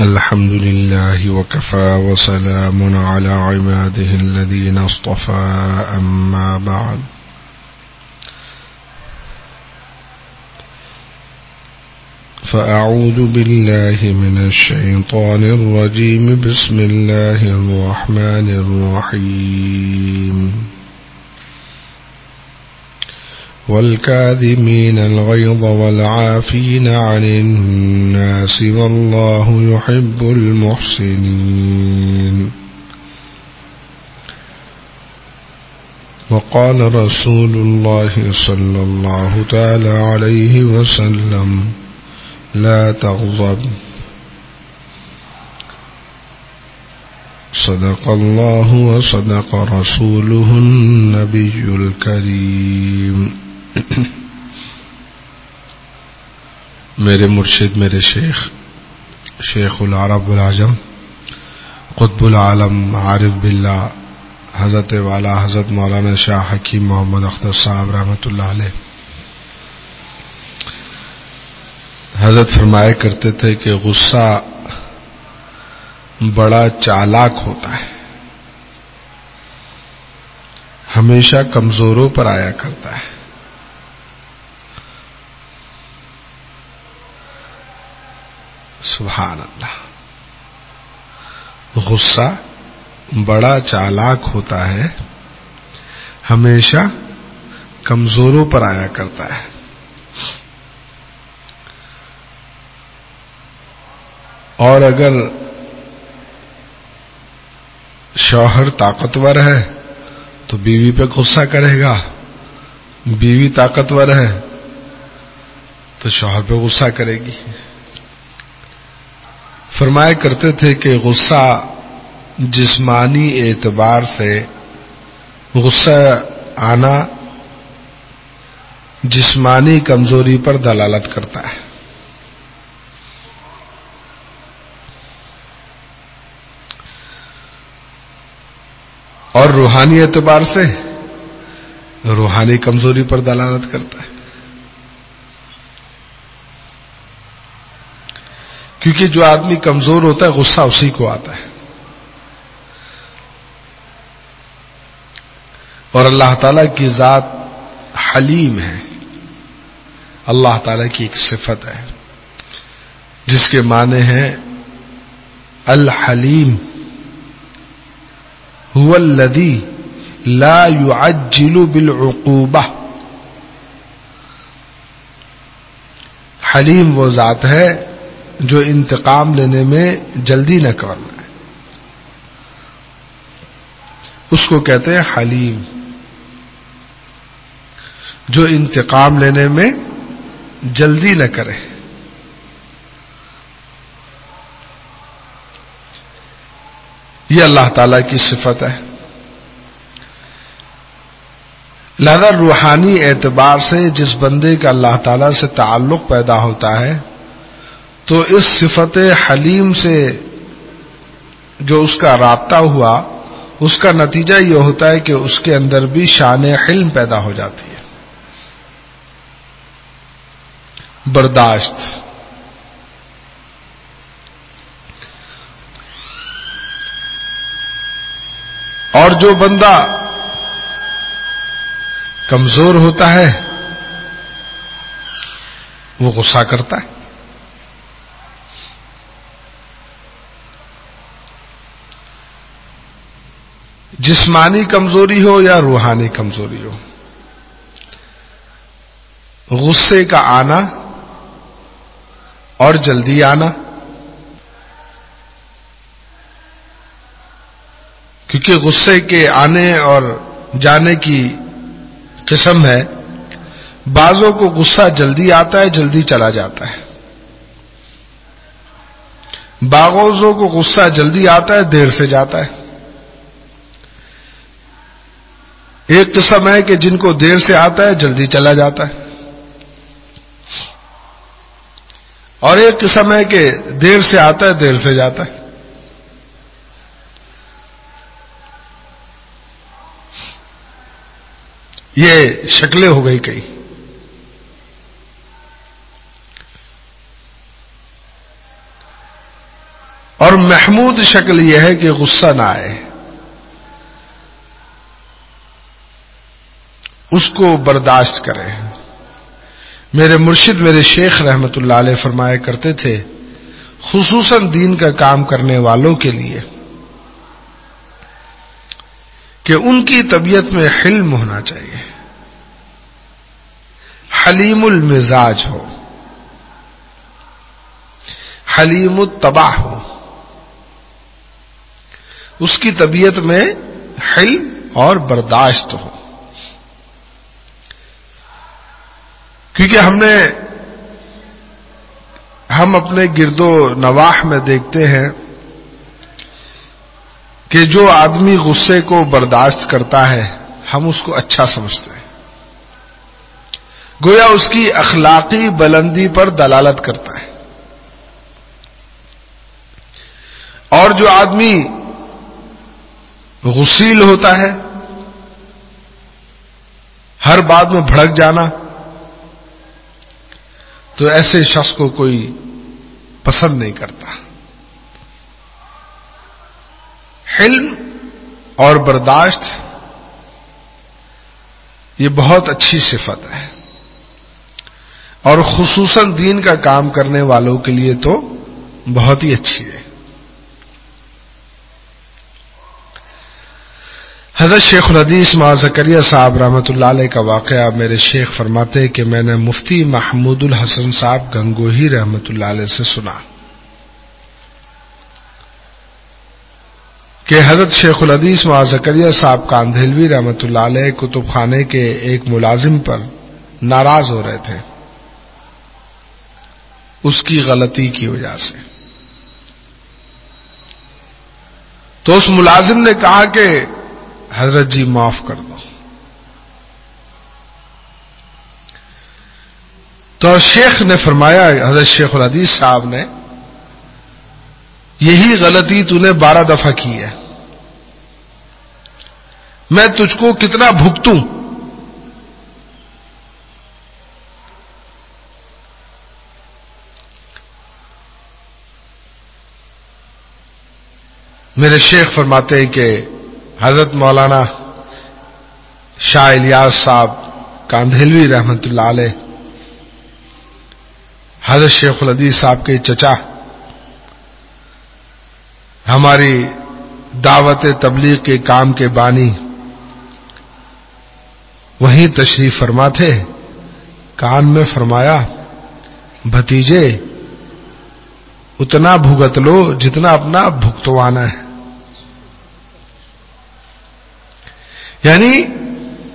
الحمد لله وكفى وسلام على عباده الذين اصطفى أما بعد فأعوذ بالله من الشيطان الرجيم بسم الله الرحمن الرحيم والكاذمين الغيظ والعافين عن الناس والله يحب المحسنين وقال رسول الله صلى الله تعالى عليه وسلم لا تغضب صدق الله وصدق رسوله النبي الكريم میرے مرشد میرے شیخ شیخ العرب العجم قطب العالم عارف باللہ حضرت والا حضرت مولانا شاہ حکیم محمد اختر صاحب رحمۃ اللہ علیہ حضرت فرمایا کرتے تھے کہ غصہ بڑا چالاک ہوتا ہے ہمیشہ کمزوروں پر آیا کرتا ہے سبحان اللہ غصہ بڑا چالاک ہوتا ہے ہمیشہ کمزوروں پر آیا کرتا ہے اور اگر شوہر طاقتور ہے تو بیوی پہ غصہ کرے گا بیوی طاقتور ہے تو شوہر پہ غصہ کرے گی فرمایا کرتے تھے کہ غصہ جسمانی اعتبار سے غصہ آنا جسمانی کمزوری پر دلالت کرتا ہے اور روحانی اعتبار سے روحانی کمزوری پر دلالت کرتا ہے کیونکہ جو آدمی کمزور ہوتا ہے غصہ اسی کو آتا ہے اور اللہ تعالی کی ذات حلیم ہے اللہ تعالیٰ کی ایک صفت ہے جس کے معنی ہے الحلیم هو الذي لا يعجل بالعقوبة حلیم وہ ذات ہے جو انتقام لینے میں جلدی نہ کرنا ہے اس کو کہتے ہیں حلیم جو انتقام لینے میں جلدی نہ کرے یہ اللہ تعالی کی صفت ہے لہذا روحانی اعتبار سے جس بندے کا اللہ تعالیٰ سے تعلق پیدا ہوتا ہے تو اس صفت حلیم سے جو اس کا رابطہ ہوا اس کا نتیجہ یہ ہوتا ہے کہ اس کے اندر بھی شان حلم پیدا ہو جاتی ہے برداشت اور جو بندہ کمزور ہوتا ہے وہ غصہ کرتا ہے جسمانی کمزوری ہو یا روحانی کمزوری ہو غصے کا آنا اور جلدی آنا کیونکہ غصے کے آنے اور جانے کی قسم ہے بعضوں کو غصہ جلدی آتا ہے جلدی چلا جاتا ہے باغوزوں کو غصہ جلدی آتا ہے دیر سے جاتا ہے ایک قسم ہے کہ جن کو دیر سے آتا ہے جلدی چلا جاتا ہے اور ایک قسم ہے کہ دیر سے آتا ہے دیر سے جاتا ہے یہ شکلیں ہو گئی کئی اور محمود شکل یہ ہے کہ غصہ نہ آئے اس کو برداشت کرے میرے مرشد میرے شیخ رحمت اللہ علیہ فرمایا کرتے تھے خصوصاً دین کا کام کرنے والوں کے لیے کہ ان کی طبیعت میں حلم ہونا چاہیے حلیم المزاج ہو حلیم التباہ ہو اس کی طبیعت میں حلم اور برداشت ہو کیونکہ ہم نے ہم اپنے گرد و نواح میں دیکھتے ہیں کہ جو آدمی غصے کو برداشت کرتا ہے ہم اس کو اچھا سمجھتے ہیں گویا اس کی اخلاقی بلندی پر دلالت کرتا ہے اور جو آدمی غسیل ہوتا ہے ہر بات میں بھڑک جانا تو ایسے شخص کو کوئی پسند نہیں کرتا حلم اور برداشت یہ بہت اچھی صفت ہے اور خصوصاً دین کا کام کرنے والوں کے لیے تو بہت ہی اچھی ہے حضرت شیخ الحدیث ما زکریہ صاحب رحمت اللہ علیہ کا واقعہ میرے شیخ فرماتے کہ میں نے مفتی محمود الحسن صاحب گنگوہی رحمت اللہ علیہ سے سنا کہ حضرت شیخ الحدیث زکریہ صاحب کاندھیلوی رحمت اللہ علیہ کتب خانے کے ایک ملازم پر ناراض ہو رہے تھے اس کی غلطی کی وجہ سے تو اس ملازم نے کہا کہ حضرت جی معاف کر دو تو شیخ نے فرمایا حضرت شیخ الحدیث صاحب نے یہی غلطی تو نے بارہ دفعہ کی ہے میں تجھ کو کتنا بھگتوں میرے شیخ فرماتے ہیں کہ حضرت مولانا شاہ الیاس صاحب کاندھیلوی رحمت اللہ علیہ حضرت شیخ لدیث صاحب کے چچا ہماری دعوت تبلیغ کے کام کے بانی وہیں تشریف فرما تھے کان میں فرمایا بھتیجے اتنا بھگت لو جتنا اپنا بھگتوانا ہے یعنی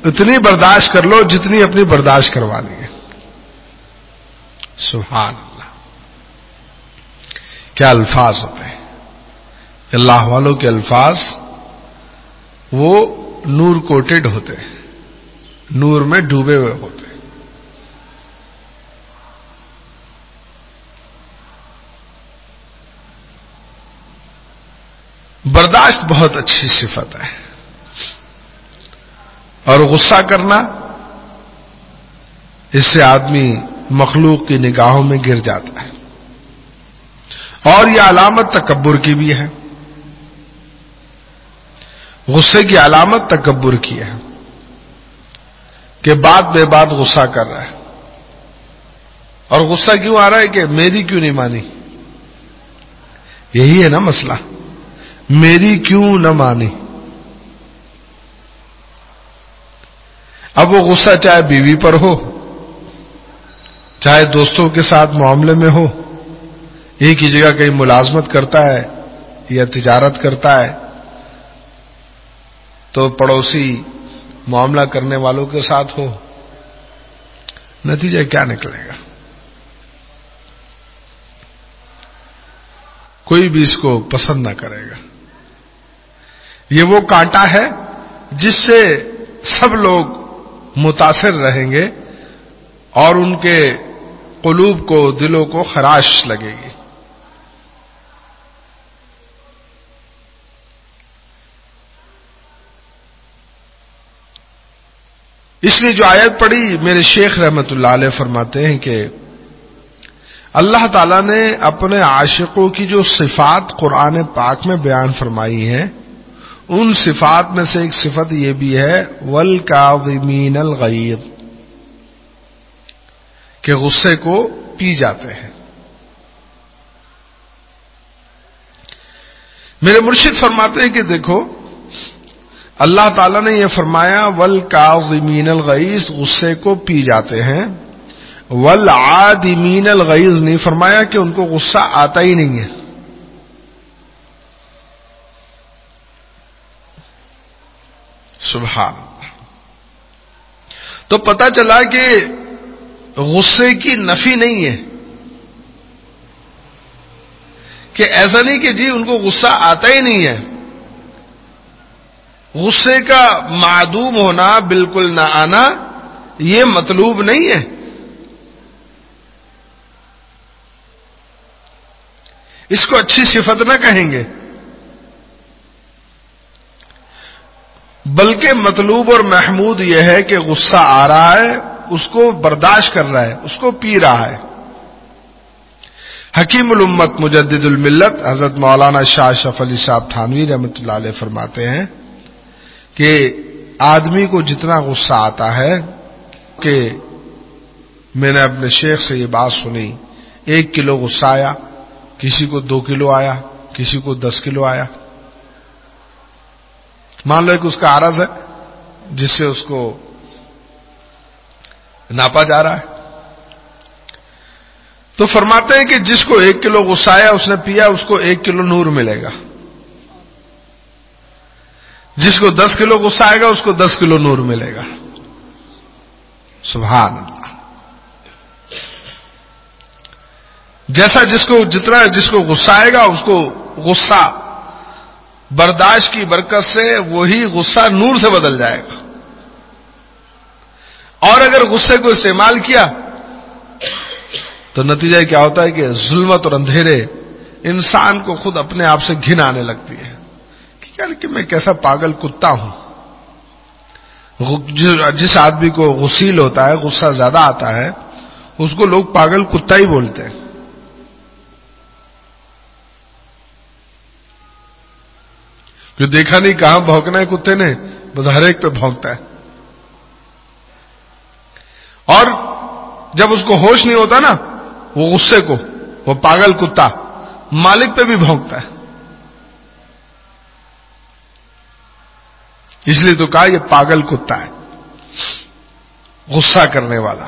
اتنی برداشت کر لو جتنی اپنی برداشت کروانی ہے سبحان اللہ کیا الفاظ ہوتے ہیں اللہ والوں کے الفاظ وہ نور کوٹڈ ہوتے ہیں نور میں ڈوبے ہوئے ہوتے ہیں برداشت بہت اچھی صفت ہے اور غصہ کرنا اس سے آدمی مخلوق کی نگاہوں میں گر جاتا ہے اور یہ علامت تکبر کی بھی ہے غصے کی علامت تکبر کی ہے کہ بعد بے بات غصہ کر رہا ہے اور غصہ کیوں آ رہا ہے کہ میری کیوں نہیں مانی یہی ہے نا مسئلہ میری کیوں نہ مانی اب وہ غصہ چاہے بیوی پر ہو چاہے دوستوں کے ساتھ معاملے میں ہو یہ کی جگہ کہیں ملازمت کرتا ہے یا تجارت کرتا ہے تو پڑوسی معاملہ کرنے والوں کے ساتھ ہو نتیجہ کیا نکلے گا کوئی بھی اس کو پسند نہ کرے گا یہ وہ کانٹا ہے جس سے سب لوگ متاثر رہیں گے اور ان کے قلوب کو دلوں کو خراش لگے گی اس لیے جو آیت پڑی میرے شیخ رحمت اللہ علیہ فرماتے ہیں کہ اللہ تعالیٰ نے اپنے عاشقوں کی جو صفات قرآن پاک میں بیان فرمائی ہیں ان صفات میں سے ایک صفت یہ بھی ہے ول کاظمین الغیر کہ غصے کو پی جاتے ہیں میرے مرشد فرماتے ہیں کہ دیکھو اللہ تعالیٰ نے یہ فرمایا ول کاظمین الغیز غصے کو پی جاتے ہیں ول آدمین الغیز نہیں فرمایا کہ ان کو غصہ آتا ہی نہیں ہے سبحان تو پتا چلا کہ غصے کی نفی نہیں ہے کہ ایسا نہیں کہ جی ان کو غصہ آتا ہی نہیں ہے غصے کا معدوم ہونا بالکل نہ آنا یہ مطلوب نہیں ہے اس کو اچھی صفت نہ کہیں گے بلکہ مطلوب اور محمود یہ ہے کہ غصہ آ رہا ہے اس کو برداشت کر رہا ہے اس کو پی رہا ہے حکیم الامت مجدد الملت حضرت مولانا شاہ شف علی صاحب تھانوی رحمۃ اللہ علیہ فرماتے ہیں کہ آدمی کو جتنا غصہ آتا ہے کہ میں نے اپنے شیخ سے یہ بات سنی ایک کلو غصہ آیا کسی کو دو کلو آیا کسی کو دس کلو آیا مان لو کہ اس کا آرز ہے جس سے اس کو ناپا جا رہا ہے تو فرماتے ہیں کہ جس کو ایک کلو غصہ آیا اس نے پیا اس کو ایک کلو نور ملے گا جس کو دس کلو غصہ آئے گا اس کو دس کلو نور ملے گا سبحان اللہ جیسا جس کو جتنا جس کو غصہ آئے گا اس کو غصہ برداشت کی برکت سے وہی غصہ نور سے بدل جائے گا اور اگر غصے کو استعمال کیا تو نتیجہ کیا ہوتا ہے کہ ظلمت اور اندھیرے انسان کو خود اپنے آپ سے گھن آنے لگتی ہے کہ یار کہ میں کیسا پاگل کتا ہوں جس آدمی کو غسیل ہوتا ہے غصہ زیادہ آتا ہے اس کو لوگ پاگل کتا ہی بولتے ہیں جو دیکھا نہیں کہاں بھونکنا ہے کتے نے بس ہر ایک پہ بھونکتا ہے اور جب اس کو ہوش نہیں ہوتا نا وہ غصے کو وہ پاگل کتا مالک پہ بھی بھونکتا ہے اس لیے تو کہا یہ پاگل کتا ہے غصہ کرنے والا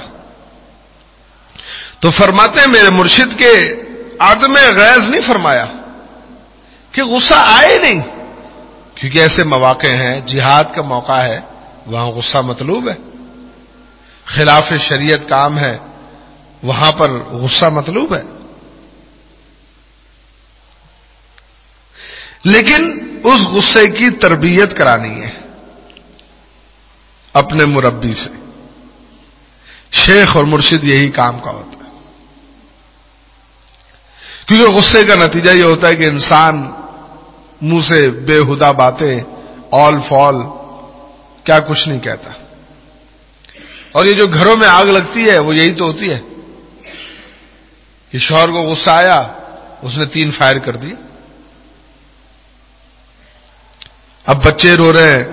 تو فرماتے ہیں میرے مرشد کے آدم غیظ نہیں فرمایا کہ غصہ آئے نہیں کیونکہ ایسے مواقع ہیں جہاد کا موقع ہے وہاں غصہ مطلوب ہے خلاف شریعت کام ہے وہاں پر غصہ مطلوب ہے لیکن اس غصے کی تربیت کرانی ہے اپنے مربی سے شیخ اور مرشد یہی کام کا ہوتا ہے کیونکہ غصے کا نتیجہ یہ ہوتا ہے کہ انسان منہ سے بےہدا باتیں آل فال کیا کچھ نہیں کہتا اور یہ جو گھروں میں آگ لگتی ہے وہ یہی تو ہوتی ہے شوہر کو غصہ آیا اس نے تین فائر کر دی اب بچے رو رہے ہیں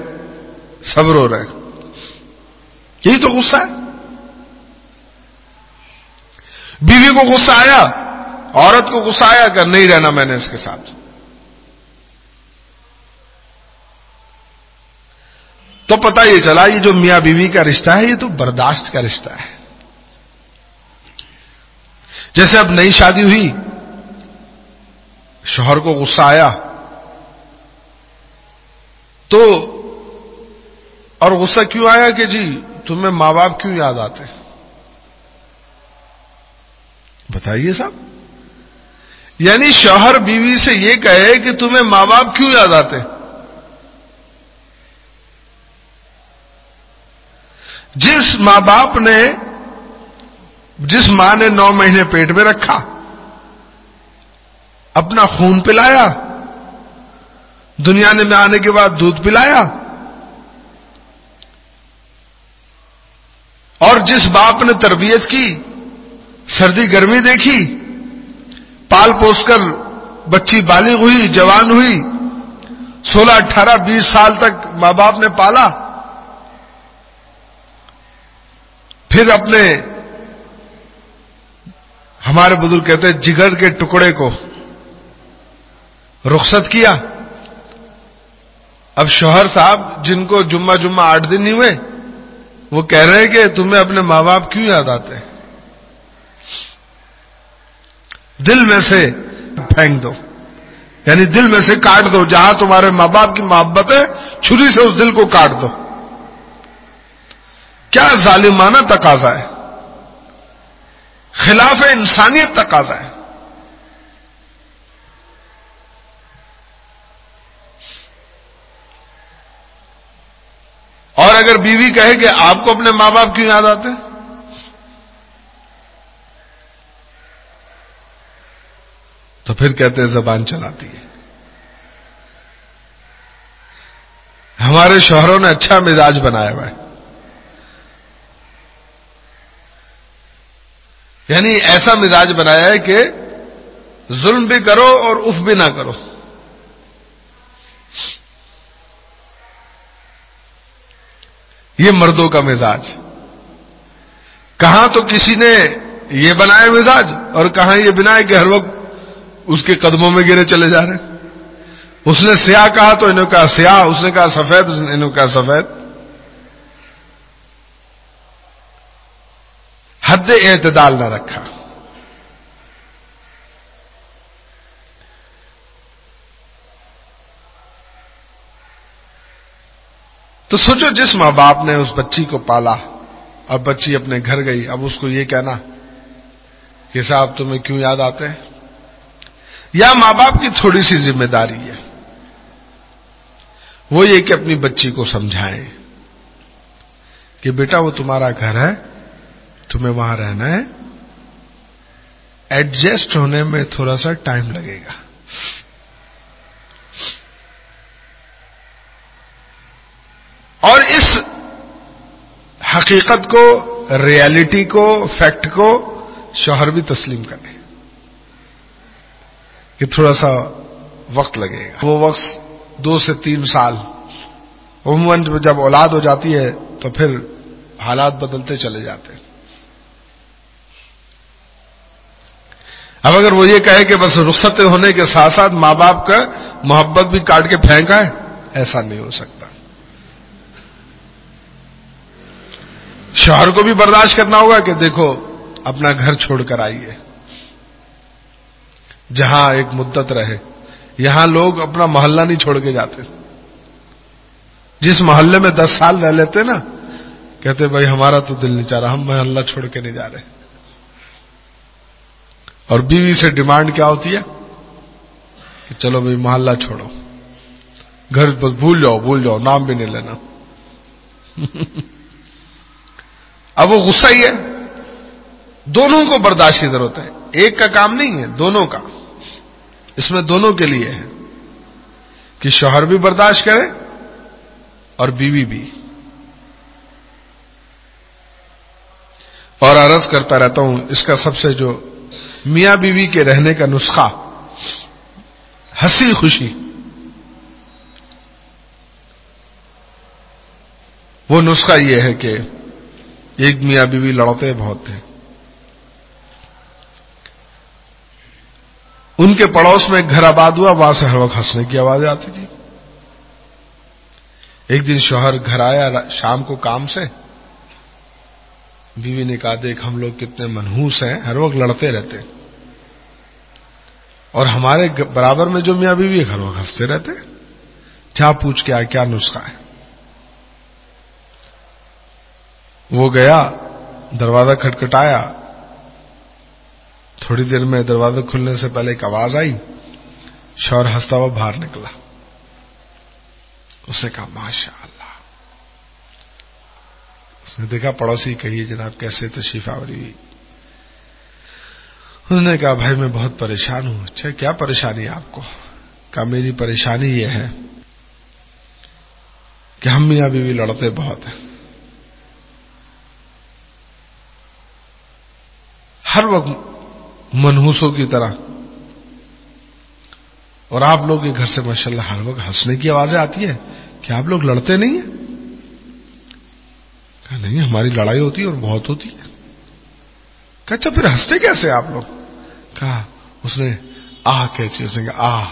سب رو رہے ہیں یہی تو غصہ ہے بیوی کو غصہ آیا عورت کو غصہ آیا کہ نہیں رہنا میں نے اس کے ساتھ تو پتا یہ چلا یہ جو میاں بیوی کا رشتہ ہے یہ تو برداشت کا رشتہ ہے جیسے اب نئی شادی ہوئی شوہر کو غصہ آیا تو اور غصہ کیوں آیا کہ جی تمہیں ماں باپ کیوں یاد آتے بتائیے صاحب یعنی شوہر بیوی سے یہ کہے کہ تمہیں ماں باپ کیوں یاد آتے جس ماں باپ نے جس ماں نے نو مہینے پیٹ میں رکھا اپنا خون پلایا دنیا نے میں آنے کے بعد دودھ پلایا اور جس باپ نے تربیت کی سردی گرمی دیکھی پال پوس کر بچی بالغ ہوئی جوان ہوئی سولہ اٹھارہ بیس سال تک ماں باپ نے پالا پھر اپنے ہمارے بزرگ کہتے ہیں جگر کے ٹکڑے کو رخصت کیا اب شوہر صاحب جن کو جمعہ جمعہ آٹھ دن ہی ہوئے وہ کہہ رہے ہیں کہ تمہیں اپنے ماں باپ کیوں یاد آتے ہیں دل میں سے پھینک دو یعنی دل میں سے کاٹ دو جہاں تمہارے ماں باپ کی محبت ہے چھری سے اس دل کو کاٹ دو کیا ظالمانہ تقاضا ہے خلاف انسانیت تقاضا ہے اور اگر بیوی کہے کہ آپ کو اپنے ماں باپ کیوں یاد آتے تو پھر کہتے ہیں زبان چلاتی ہے ہمارے شوہروں نے اچھا مزاج بنایا ہوا ہے یعنی ایسا مزاج بنایا ہے کہ ظلم بھی کرو اور اف بھی نہ کرو یہ مردوں کا مزاج کہاں تو کسی نے یہ بنایا مزاج اور کہاں یہ بنایا کہ ہر وقت اس کے قدموں میں گرے چلے جا رہے ہیں اس نے سیاہ کہا تو انہوں نے کہا سیاہ اس نے کہا سفید انہوں نے کہا سفید حد اعتدال نہ رکھا تو سوچو جس ماں باپ نے اس بچی کو پالا اور بچی اپنے گھر گئی اب اس کو یہ کہنا کہ صاحب تمہیں کیوں یاد آتے ہیں یا ماں باپ کی تھوڑی سی ذمہ داری ہے وہ یہ کہ اپنی بچی کو سمجھائیں کہ بیٹا وہ تمہارا گھر ہے تمہیں وہاں رہنا ہے ایڈجسٹ ہونے میں تھوڑا سا ٹائم لگے گا اور اس حقیقت کو ریالٹی کو فیکٹ کو شوہر بھی تسلیم کرے کہ تھوڑا سا وقت لگے گا وہ وقت دو سے تین سال عموماً جب اولاد ہو جاتی ہے تو پھر حالات بدلتے چلے جاتے ہیں اب اگر وہ یہ کہے کہ بس رخصت ہونے کے ساتھ ساتھ ماں باپ کا محبت بھی کاٹ کے پھینکا ہے ایسا نہیں ہو سکتا شوہر کو بھی برداشت کرنا ہوگا کہ دیکھو اپنا گھر چھوڑ کر آئیے جہاں ایک مدت رہے یہاں لوگ اپنا محلہ نہیں چھوڑ کے جاتے جس محلے میں دس سال رہ لیتے نا کہتے بھائی ہمارا تو دل نہیں چاہ رہا ہم محلہ چھوڑ کے نہیں جا رہے اور بیوی سے ڈیمانڈ کیا ہوتی ہے کہ چلو بھائی محلہ چھوڑو گھر بس بھول جاؤ بھول جاؤ نام بھی نہیں لینا اب وہ غصہ ہی ہے دونوں کو برداشت کی ضرورت ہے ایک کا کام نہیں ہے دونوں کا اس میں دونوں کے لیے ہے کہ شوہر بھی برداشت کرے اور بیوی بھی اور عرض کرتا رہتا ہوں اس کا سب سے جو میاں بیوی کے رہنے کا نسخہ ہنسی خوشی وہ نسخہ یہ ہے کہ ایک میاں بیوی لڑتے بہت تھے ان کے پڑوس میں گھر آباد ہوا وہاں سے ہر وقت ہنسنے کی آواز آتی تھی ایک دن شوہر گھر آیا شام کو کام سے بیوی نے کہا دیکھ ہم لوگ کتنے منہوس ہیں ہر وقت لڑتے رہتے اور ہمارے برابر میں جو میاں بیوی ہر وقت ہنستے رہتے کیا پوچھ کے آئے کیا نسخہ ہے وہ گیا دروازہ کھٹکھٹایا تھوڑی دیر میں دروازہ کھلنے سے پہلے ایک آواز آئی شور ہنستا ہوا باہر نکلا اس نے کہا اللہ اس نے دیکھا پڑوسی کہیے جناب کیسے تشریف آوری ہوئی انہوں نے کہا بھائی میں بہت پریشان ہوں اچھا کیا پریشانی آپ کو کہا میری پریشانی یہ ہے کہ ہم میاں بیوی لڑتے بہت ہیں ہر وقت منہوسوں کی طرح اور آپ لوگ کے گھر سے ماشاءاللہ ہر وقت ہنسنے کی آوازیں آتی ہے کہ آپ لوگ لڑتے نہیں ہیں کہا نہیں ہماری لڑائی ہوتی اور بہت ہوتی ہے کہا اچھا پھر ہنستے کیسے آپ لوگ کہا اس نے آہ اس نے کہا آہ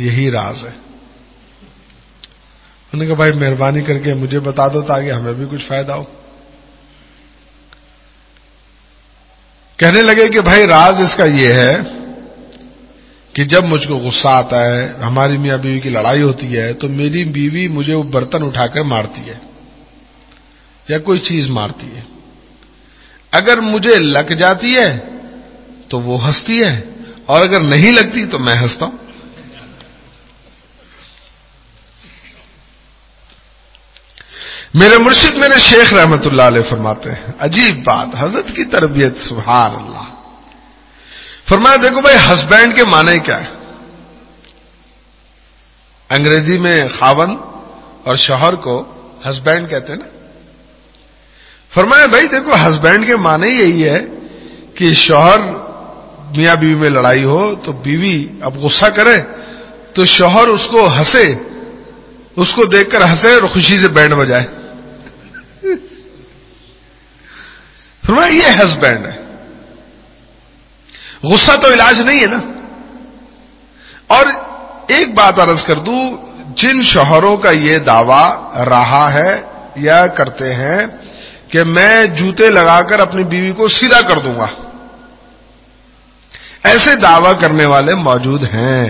یہی راز ہے انہوں نے کہا بھائی مہربانی کر کے مجھے بتا دو تاکہ ہمیں بھی کچھ فائدہ ہو کہنے لگے کہ بھائی راز اس کا یہ ہے کہ جب مجھ کو غصہ آتا ہے ہماری میاں بیوی کی لڑائی ہوتی ہے تو میری بیوی مجھے وہ برتن اٹھا کر مارتی ہے یا کوئی چیز مارتی ہے اگر مجھے لگ جاتی ہے تو وہ ہنستی ہے اور اگر نہیں لگتی تو میں ہنستا ہوں میرے مرشد میرے شیخ رحمت اللہ علیہ فرماتے ہیں عجیب بات حضرت کی تربیت سبحان اللہ فرمایا دیکھو بھائی ہسبینڈ کے معنی کیا ہے انگریزی میں خاون اور شوہر کو ہسبینڈ کہتے ہیں نا فرمایا بھائی دیکھو ہسبینڈ کے معنی یہی ہے کہ شوہر میاں بیوی میں لڑائی ہو تو بیوی اب غصہ کرے تو شوہر اس کو ہنسے اس کو دیکھ کر ہنسے اور خوشی سے بینڈ بجائے فرمایا یہ ہسبینڈ ہے غصہ تو علاج نہیں ہے نا اور ایک بات عرض کر دوں جن شوہروں کا یہ دعویٰ رہا ہے یا کرتے ہیں کہ میں جوتے لگا کر اپنی بیوی کو سیدھا کر دوں گا ایسے دعوی کرنے والے موجود ہیں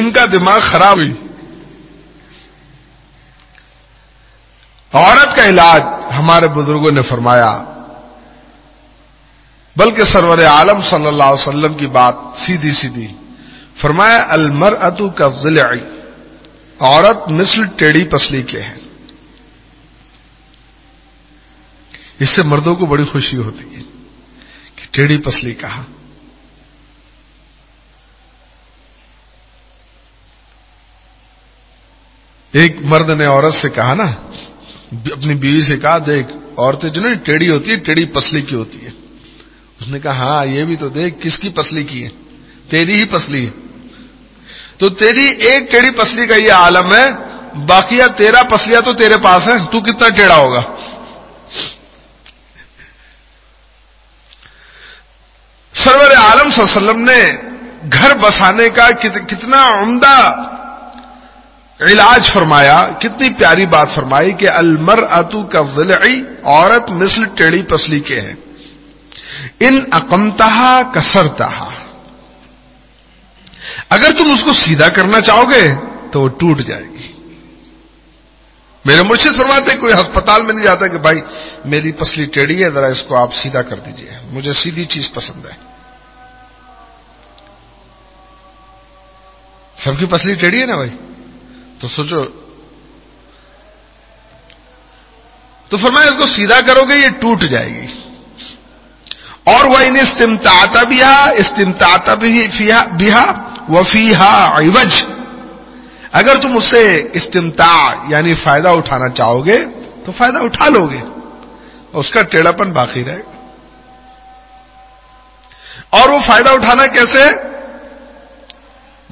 ان کا دماغ خراب ہوئی عورت کا علاج ہمارے بزرگوں نے فرمایا بلکہ سرور عالم صلی اللہ علیہ وسلم کی بات سیدھی سیدھی فرمایا المر اتو کا ضلع عورت مثل ٹیڑھی پسلی کے ہیں اس سے مردوں کو بڑی خوشی ہوتی ہے کہ ٹیڑھی پسلی کہا ایک مرد نے عورت سے کہا نا اپنی بیوی سے کہا دیکھ عورتیں جو نا ٹیڑھی ہوتی ہے ٹیڑھی پسلی کی ہوتی ہے اس نے کہا ہاں یہ بھی تو دیکھ کس کی پسلی کی ہے تیری ہی پسلی ہے تو تیری ایک ٹیڑھی پسلی کا یہ عالم ہے باقیہ تیرہ پسلیاں تو تیرے پاس ہیں تو کتنا ٹیڑھا ہوگا سرور عالم صلی اللہ علیہ وسلم نے گھر بسانے کا کتنا عمدہ علاج فرمایا کتنی پیاری بات فرمائی کہ المر اتو کا ضلعی عورت مثل ٹیڑی پسلی کے ہیں ان اکمتہ کسرتہ اگر تم اس کو سیدھا کرنا چاہو گے تو وہ ٹوٹ جائے گی میرے مرشد فرماتے کوئی ہسپتال میں نہیں جاتا کہ بھائی میری پسلی ٹیڑھی ہے ذرا اس کو آپ سیدھا کر دیجئے مجھے سیدھی چیز پسند ہے سب کی پسلی ٹیڑھی ہے نا بھائی تو سوچو تو فرمایا اس کو سیدھا کرو گے یہ ٹوٹ جائے گی اور وہ انہیں استمتا بھی وفی ہا اگر تم اس سے اس یعنی فائدہ اٹھانا چاہو گے تو فائدہ اٹھا لو گے اس کا پن باقی رہے گا اور وہ فائدہ اٹھانا کیسے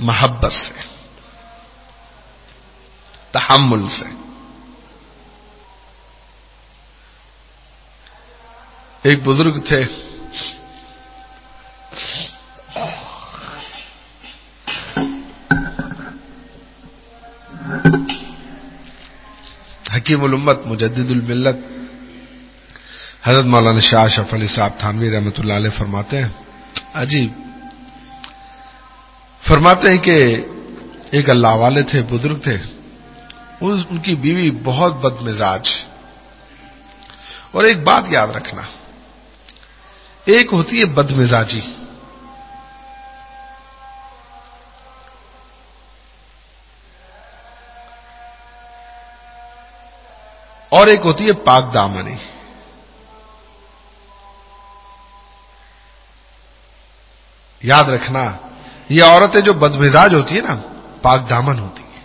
محبت سے تحمل سے ایک بزرگ تھے حکیم الامت مجدد الملت حضرت مولانا شاہ شف علی صاحب تھانوی رحمت اللہ علیہ فرماتے ہیں عجیب فرماتے ہیں کہ ایک اللہ والے تھے بزرگ تھے ان کی بیوی بہت بد مزاج اور ایک بات یاد رکھنا ایک ہوتی ہے بد مزاجی اور ایک ہوتی ہے پاک دامنی یاد رکھنا یہ عورتیں جو مزاج ہوتی ہیں نا پاک دامن ہوتی ہے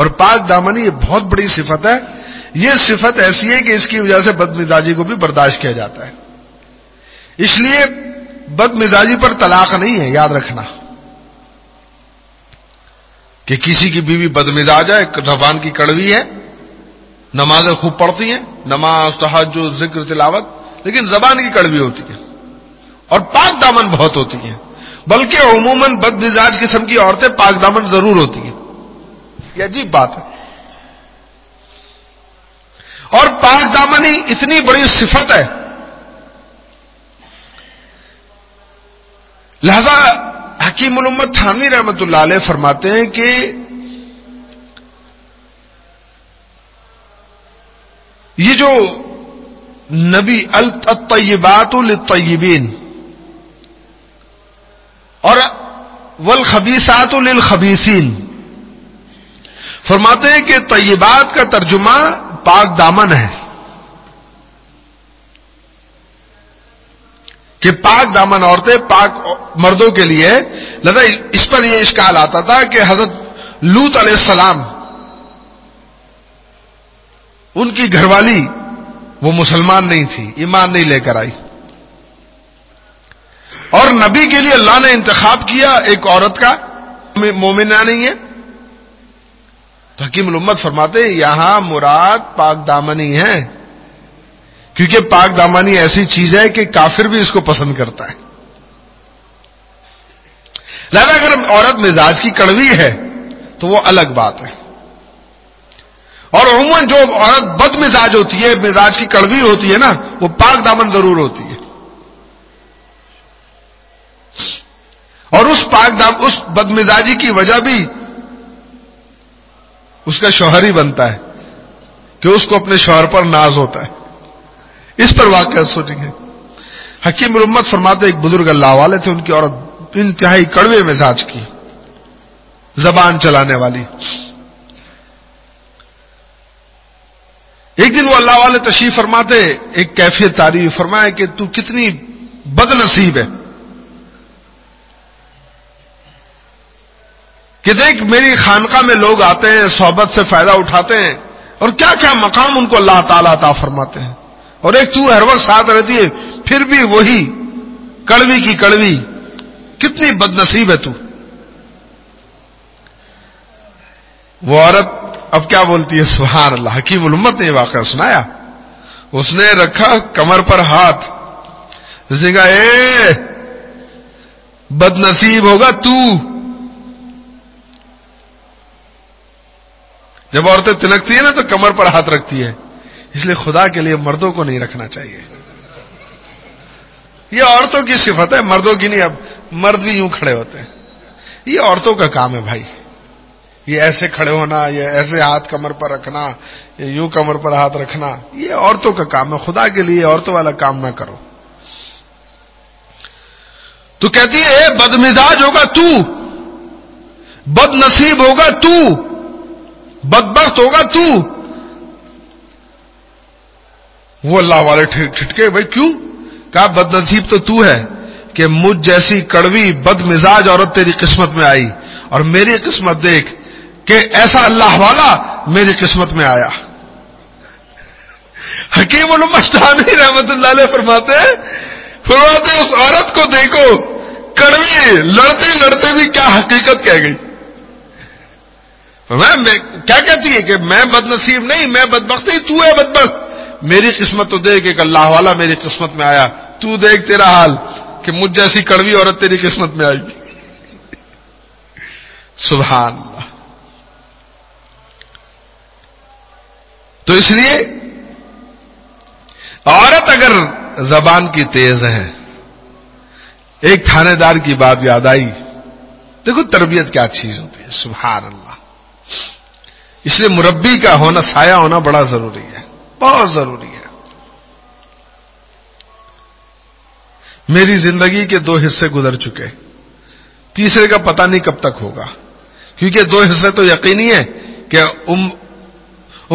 اور پاک دامنی یہ بہت بڑی صفت ہے یہ صفت ایسی ہے کہ اس کی وجہ سے بد مزاجی کو بھی برداشت کیا جاتا ہے اس لیے بد مزاجی پر طلاق نہیں ہے یاد رکھنا کہ کسی کی بیوی بد مزاج ہے زبان کی کڑوی ہے نمازیں خوب پڑھتی ہیں نماز تحجد ذکر تلاوت لیکن زبان کی کڑوی ہوتی ہے اور پاک دامن بہت ہوتی ہیں بلکہ عموماً بد مزاج قسم کی عورتیں پاک دامن ضرور ہوتی ہیں یہ عجیب بات ہے اور پاک دامن ہی اتنی بڑی صفت ہے لہذا حکیم الامت تھانوی رحمت اللہ علیہ فرماتے ہیں کہ یہ جو نبی الطیبات للطیبین اور ولخبیسات للخبیسین فرماتے ہیں کہ طیبات کا ترجمہ پاک دامن ہے کہ پاک دامن عورتیں پاک مردوں کے لیے لذا اس پر یہ اشکال آتا تھا کہ حضرت لوت علیہ السلام ان کی گھر والی وہ مسلمان نہیں تھی ایمان نہیں لے کر آئی اور نبی کے لیے اللہ نے انتخاب کیا ایک عورت کا مومنا نہیں ہے تو حکیم الامت فرماتے یہاں مراد پاک دامنی ہے کیونکہ پاک دامانی ایسی چیز ہے کہ کافر بھی اس کو پسند کرتا ہے لہذا اگر عورت مزاج کی کڑوی ہے تو وہ الگ بات ہے اور عموماً جو عورت بد مزاج ہوتی ہے مزاج کی کڑوی ہوتی ہے نا وہ پاک دامن ضرور ہوتی ہے اور اس اس پاک دام بد مزاجی کی وجہ بھی اس کا شوہر ہی بنتا ہے کہ اس کو اپنے شوہر پر ناز ہوتا ہے اس پر واقع سوچیں گے حکیم رمت فرماتے ایک بزرگ اللہ والے تھے ان کی عورت انتہائی کڑوے مزاج کی زبان چلانے والی ایک دن وہ اللہ والے تشریف فرماتے ایک کیفیت تعریف فرمائے کہ تو کتنی بد نصیب ہے کہ دیکھ میری خانقاہ میں لوگ آتے ہیں صحبت سے فائدہ اٹھاتے ہیں اور کیا کیا مقام ان کو اللہ تعالیٰ عطا فرماتے ہیں اور ایک تو ہر وقت ساتھ رہتی ہے پھر بھی وہی کڑوی کی کڑوی کتنی بد نصیب ہے تو وہ عورت اب کیا بولتی ہے سہار اللہ حکیم الامت نے یہ واقعہ سنایا اس نے رکھا کمر پر ہاتھ اس نے کہا اے بد نصیب ہوگا تو جب عورتیں تلکتی ہیں نا تو کمر پر ہاتھ رکھتی ہے اس لیے خدا کے لیے مردوں کو نہیں رکھنا چاہیے یہ عورتوں کی صفت ہے مردوں کی نہیں اب مرد بھی یوں کھڑے ہوتے ہیں یہ عورتوں کا کام ہے بھائی یہ ایسے کھڑے ہونا یہ ایسے ہاتھ کمر پر رکھنا یہ یوں کمر پر ہاتھ رکھنا یہ عورتوں کا کام ہے خدا کے لیے عورتوں والا کام نہ کرو تو کہتی ہے بد مزاج ہوگا تو بد نصیب ہوگا تو بد بخت ہوگا تو وہ اللہ والے ٹھٹکے بھائی کیوں کہا بد نصیب تو تو ہے کہ مجھ جیسی کڑوی بد مزاج عورت تیری قسمت میں آئی اور میری قسمت دیکھ کہ ایسا اللہ والا میری قسمت میں آیا حکیم المشتانی رحمت اللہ علیہ فرماتے ہیں فرماتے ہیں اس عورت کو دیکھو کڑوی لڑتے لڑتے بھی کیا حقیقت کہہ گئی میں کیا کہتی ہے کہ میں بد نصیب نہیں میں تو ہے بدبخت میری قسمت تو دیکھ ایک اللہ والا میری قسمت میں آیا تو دیکھ تیرا حال کہ مجھ جیسی کڑوی عورت تیری قسمت میں آئی سبحان اللہ تو اس لیے عورت اگر زبان کی تیز ہے ایک تھانے دار کی بات یاد آئی دیکھو تربیت کیا چیز ہوتی ہے سبحان اللہ اس لیے مربی کا ہونا سایہ ہونا بڑا ضروری ہے بہت ضروری ہے میری زندگی کے دو حصے گزر چکے تیسرے کا پتہ نہیں کب تک ہوگا کیونکہ دو حصے تو یقینی ہے کہ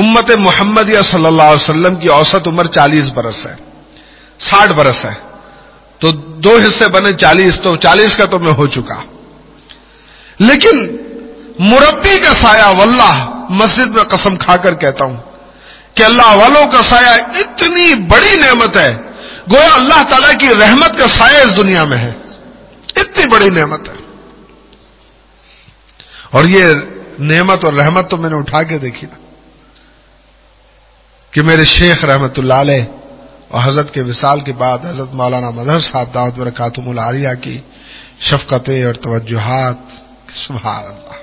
امت محمد یا صلی اللہ علیہ وسلم کی اوسط عمر چالیس برس ہے ساٹھ برس ہے تو دو حصے بنے چالیس تو چالیس کا تو میں ہو چکا لیکن مربی کا سایہ واللہ مسجد میں قسم کھا کر کہتا ہوں کہ اللہ والوں کا سایہ اتنی بڑی نعمت ہے گویا اللہ تعالی کی رحمت کا سایہ اس دنیا میں ہے اتنی بڑی نعمت ہے اور یہ نعمت اور رحمت تو میں نے اٹھا کے دیکھی نا کہ میرے شیخ رحمت اللہ علیہ اور حضرت کے وصال کے بعد حضرت مولانا مظہر صاحب دعوت برکاتم الیہ کی شفقتیں اور توجہات سبحان اللہ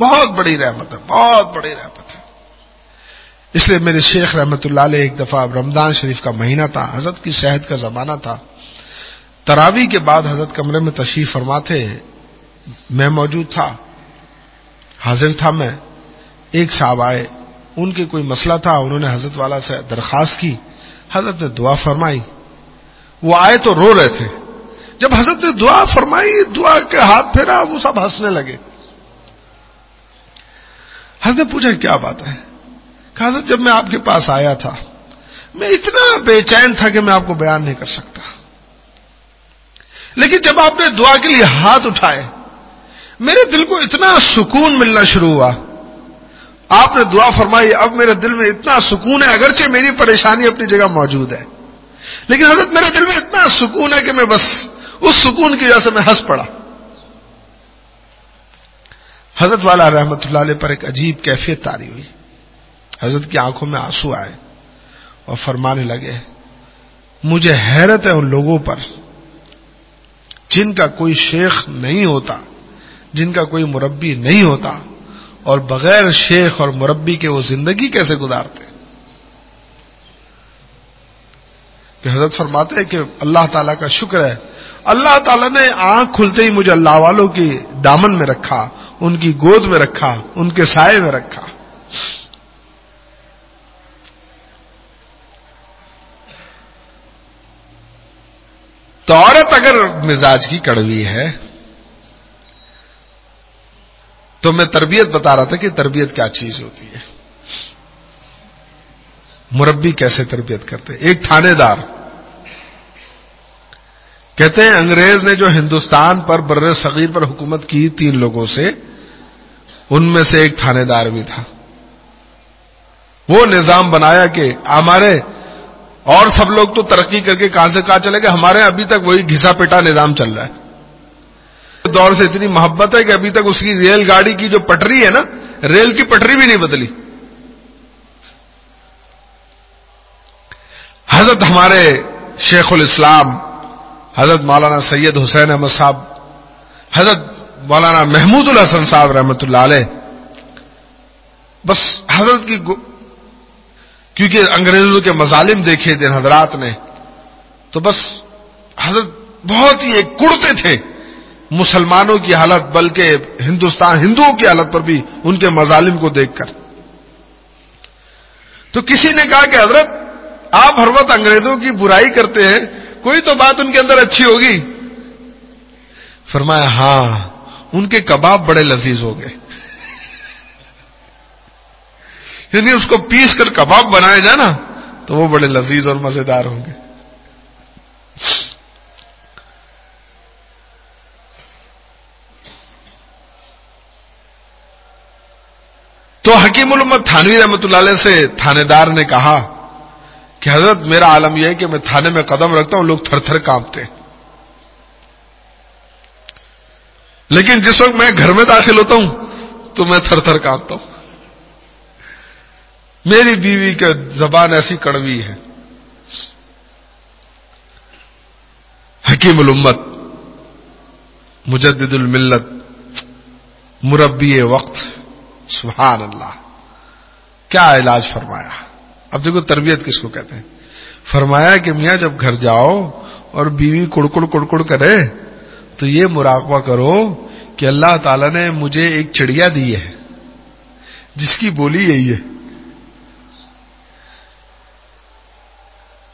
بہت بڑی رحمت ہے بہت بڑی رحمت ہے اس لیے میرے شیخ رحمت اللہ علیہ ایک دفعہ اب رمضان شریف کا مہینہ تھا حضرت کی صحت کا زمانہ تھا تراوی کے بعد حضرت کمرے میں تشریف فرما تھے میں موجود تھا حاضر تھا میں ایک صاحب آئے ان کے کوئی مسئلہ تھا انہوں نے حضرت والا سے درخواست کی حضرت نے دعا فرمائی وہ آئے تو رو رہے تھے جب حضرت نے دعا فرمائی دعا کے ہاتھ پھیرا وہ سب ہنسنے لگے حضرت نے پوچھا کیا بات ہے کہ حضرت جب میں آپ کے پاس آیا تھا میں اتنا بے چین تھا کہ میں آپ کو بیان نہیں کر سکتا لیکن جب آپ نے دعا کے لیے ہاتھ اٹھائے میرے دل کو اتنا سکون ملنا شروع ہوا آپ نے دعا فرمائی اب میرے دل میں اتنا سکون ہے اگرچہ میری پریشانی اپنی جگہ موجود ہے لیکن حضرت میرے دل میں اتنا سکون ہے کہ میں بس اس سکون کی وجہ سے میں ہنس پڑا حضرت والا رحمت اللہ علیہ پر ایک عجیب کیفیت تاری ہوئی حضرت کی آنکھوں میں آنسو آئے اور فرمانے لگے مجھے حیرت ہے ان لوگوں پر جن کا کوئی شیخ نہیں ہوتا جن کا کوئی مربی نہیں ہوتا اور بغیر شیخ اور مربی کے وہ زندگی کیسے گزارتے کہ حضرت فرماتے ہیں کہ اللہ تعالیٰ کا شکر ہے اللہ تعالیٰ نے آنکھ کھلتے ہی مجھے اللہ والوں کی دامن میں رکھا ان کی گود میں رکھا ان کے سائے میں رکھا تو عورت اگر مزاج کی کڑوی ہے تو میں تربیت بتا رہا تھا کہ تربیت کیا چیز ہوتی ہے مربی کیسے تربیت کرتے ایک تھانے دار کہتے ہیں انگریز نے جو ہندوستان پر بر صغیر پر حکومت کی تین لوگوں سے ان میں سے ایک تھانے دار بھی تھا وہ نظام بنایا کہ ہمارے اور سب لوگ تو ترقی کر کے کہاں سے کہاں چلے گئے ہمارے ابھی تک وہی گھسا پیٹا نظام چل رہا ہے دور سے اتنی محبت ہے کہ ابھی تک اس کی ریل گاڑی کی جو پٹری ہے نا ریل کی پٹری بھی نہیں بدلی حضرت ہمارے شیخ الاسلام حضرت مولانا سید حسین احمد صاحب حضرت مولانا محمود الحسن صاحب رحمت اللہ علیہ بس حضرت کی گو... کیونکہ انگریزوں کے مظالم دیکھے تھے حضرات نے تو بس حضرت بہت ہی ایک کڑتے تھے مسلمانوں کی حالت بلکہ ہندوستان ہندوؤں کی حالت پر بھی ان کے مظالم کو دیکھ کر تو کسی نے کہا کہ حضرت آپ ہر وقت انگریزوں کی برائی کرتے ہیں کوئی تو بات ان کے اندر اچھی ہوگی فرمایا ہاں ان کے کباب بڑے لذیذ ہو گئے یعنی اس کو پیس کر کباب بنائے جائے نا تو وہ بڑے لذیذ اور مزیدار ہوں گے تو حکیم الامت تھانوی رحمت اللہ علیہ سے تھانے دار نے کہا کہ حضرت میرا عالم یہ ہے کہ میں تھانے میں قدم رکھتا ہوں لوگ تھر تھر کانپتے لیکن جس وقت میں گھر میں داخل ہوتا ہوں تو میں تھر تھر کانپتا ہوں میری بیوی کی زبان ایسی کڑوی ہے حکیم الامت مجدد الملت مربی وقت سبحان اللہ کیا علاج فرمایا اب دیکھو تربیت کس کو کہتے ہیں فرمایا کہ میاں جب گھر جاؤ اور بیوی کڑکڑ کڑکڑ کرے تو یہ مراقبہ کرو کہ اللہ تعالیٰ نے مجھے ایک چڑیا دی ہے جس کی بولی یہی ہے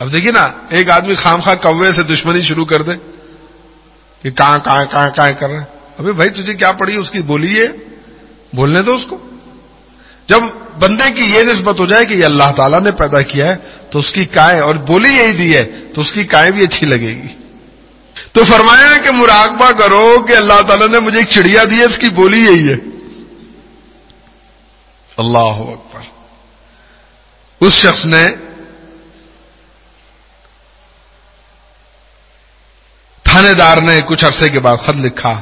اب دیکھیے نا ایک آدمی خام خواہ کوے سے دشمنی شروع کر دے کہ کہاں کہاں کہاں کہاں کر ابھی بھائی تجھے کیا پڑی اس کی بولی ہے بولنے دو اس کو جب بندے کی یہ نسبت ہو جائے کہ یہ اللہ تعالیٰ نے پیدا کیا ہے تو اس کی کائیں اور بولی یہی دی ہے تو اس کی کائیں بھی اچھی لگے گی تو فرمایا کہ مراقبہ کرو کہ اللہ تعالیٰ نے مجھے ایک چڑیا دی ہے اس کی بولی یہی ہے اللہ اکبر اس شخص نے تھانے دار نے کچھ عرصے کے بعد خط لکھا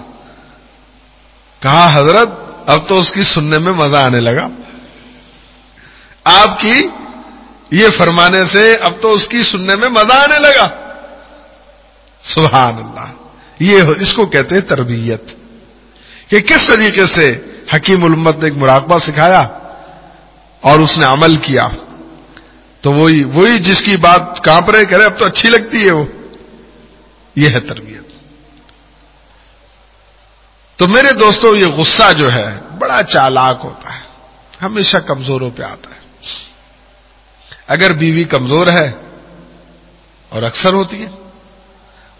کہا حضرت اب تو اس کی سننے میں مزہ آنے لگا آپ کی یہ فرمانے سے اب تو اس کی سننے میں مزہ آنے لگا سبحان اللہ یہ اس کو کہتے ہیں تربیت کہ کس طریقے سے حکیم المت نے ایک مراقبہ سکھایا اور اس نے عمل کیا تو وہی وہی جس کی بات رہے کرے اب تو اچھی لگتی ہے وہ یہ ہے تربیت تو میرے دوستوں یہ غصہ جو ہے بڑا چالاک ہوتا ہے ہمیشہ کمزوروں پہ آتا ہے اگر بیوی کمزور ہے اور اکثر ہوتی ہے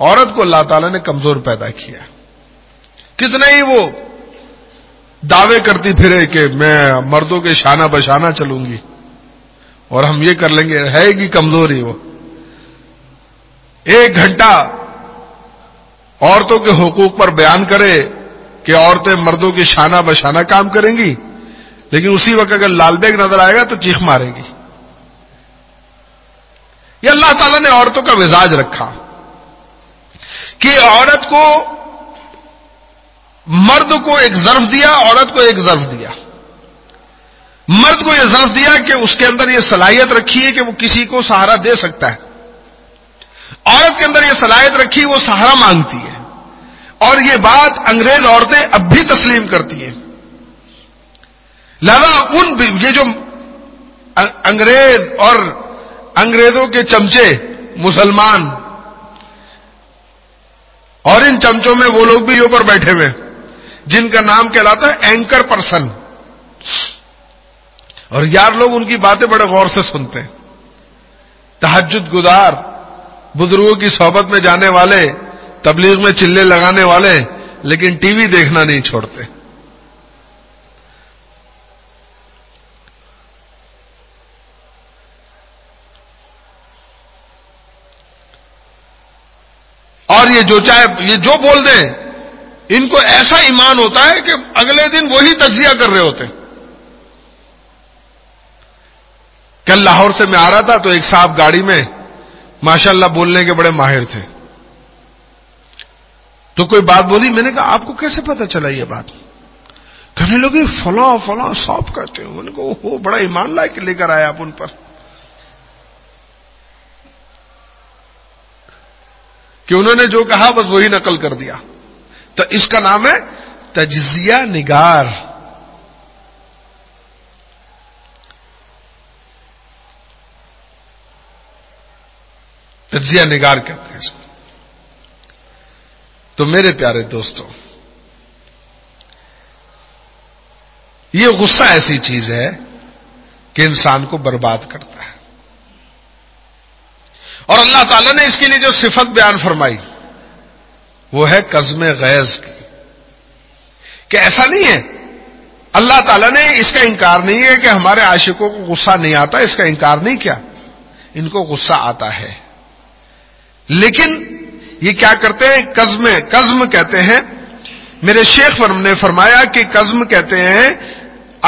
عورت کو اللہ تعالیٰ نے کمزور پیدا کیا کتنے ہی وہ دعوے کرتی پھرے کہ میں مردوں کے شانہ بشانہ چلوں گی اور ہم یہ کر لیں گے ہے کمزور کمزوری وہ ایک گھنٹہ عورتوں کے حقوق پر بیان کرے کہ عورتیں مردوں کی شانہ بشانہ کام کریں گی لیکن اسی وقت اگر لال بیگ نظر آئے گا تو چیخ مارے گی یہ اللہ تعالیٰ نے عورتوں کا مزاج رکھا کہ عورت کو مرد کو ایک ظرف دیا عورت کو ایک ظرف دیا مرد کو یہ ظرف دیا کہ اس کے اندر یہ صلاحیت رکھی ہے کہ وہ کسی کو سہارا دے سکتا ہے عورت کے اندر یہ صلاحیت رکھی وہ سہارا مانگتی ہے اور یہ بات انگریز عورتیں اب بھی تسلیم کرتی ہیں لہذا ان یہ جو انگریز اور انگریزوں کے چمچے مسلمان اور ان چمچوں میں وہ لوگ بھی اوپر بیٹھے ہوئے جن کا نام کہلاتا ہے اینکر پرسن اور یار لوگ ان کی باتیں بڑے غور سے سنتے ہیں تحجد گزار بزرگوں کی صحبت میں جانے والے تبلیغ میں چلے لگانے والے لیکن ٹی وی دیکھنا نہیں چھوڑتے اور یہ جو چاہے یہ جو بول دیں ان کو ایسا ایمان ہوتا ہے کہ اگلے دن وہی تجزیہ کر رہے ہوتے کل لاہور سے میں آ رہا تھا تو ایک صاحب گاڑی میں ماشاءاللہ بولنے کے بڑے ماہر تھے تو کوئی بات بولی میں نے کہا آپ کو کیسے پتا چلا یہ بات کہنے لوگ فلاں فلاں سوپ کرتے ہونے کو بڑا ایمان لائے کہ لے کر آئے آپ ان پر کہ انہوں نے جو کہا بس وہی نقل کر دیا تو اس کا نام ہے تجزیہ نگار تجزیہ نگار کہتے ہیں اس کو تو میرے پیارے دوستوں یہ غصہ ایسی چیز ہے کہ انسان کو برباد کرتا ہے اور اللہ تعالیٰ نے اس کے لیے جو صفت بیان فرمائی وہ ہے قزم غیر کی کہ ایسا نہیں ہے اللہ تعالیٰ نے اس کا انکار نہیں ہے کہ ہمارے عاشقوں کو غصہ نہیں آتا اس کا انکار نہیں کیا ان کو غصہ آتا ہے لیکن یہ کیا کرتے ہیں قزم قزم کہتے ہیں میرے شیخ ورم نے فرمایا کہ قزم کہتے ہیں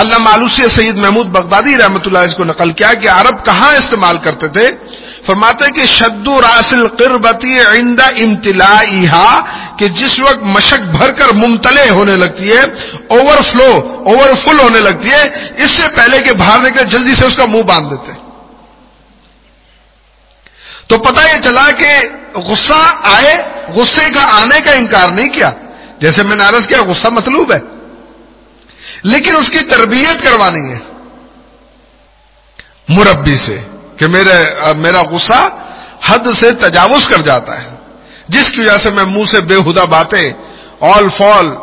اللہ معلوسی سید محمود بغدادی رحمت اللہ اس کو نقل کیا کہ عرب کہاں استعمال کرتے تھے فرماتے کہ شد راسل قربتی عند امتلا کہ جس وقت مشک بھر کر ممتلے ہونے لگتی ہے اوور فلو اوور فل ہونے لگتی ہے اس سے پہلے کہ باہر نکلے جلدی سے اس کا منہ باندھ دیتے ہیں تو پتہ یہ چلا کہ غصہ آئے غصے کا آنے کا انکار نہیں کیا جیسے میں ناراض کیا غصہ مطلوب ہے لیکن اس کی تربیت کروانی ہے مربی سے کہ میرا غصہ حد سے تجاوز کر جاتا ہے جس کی وجہ سے میں منہ سے بے ہدا باتیں آل فال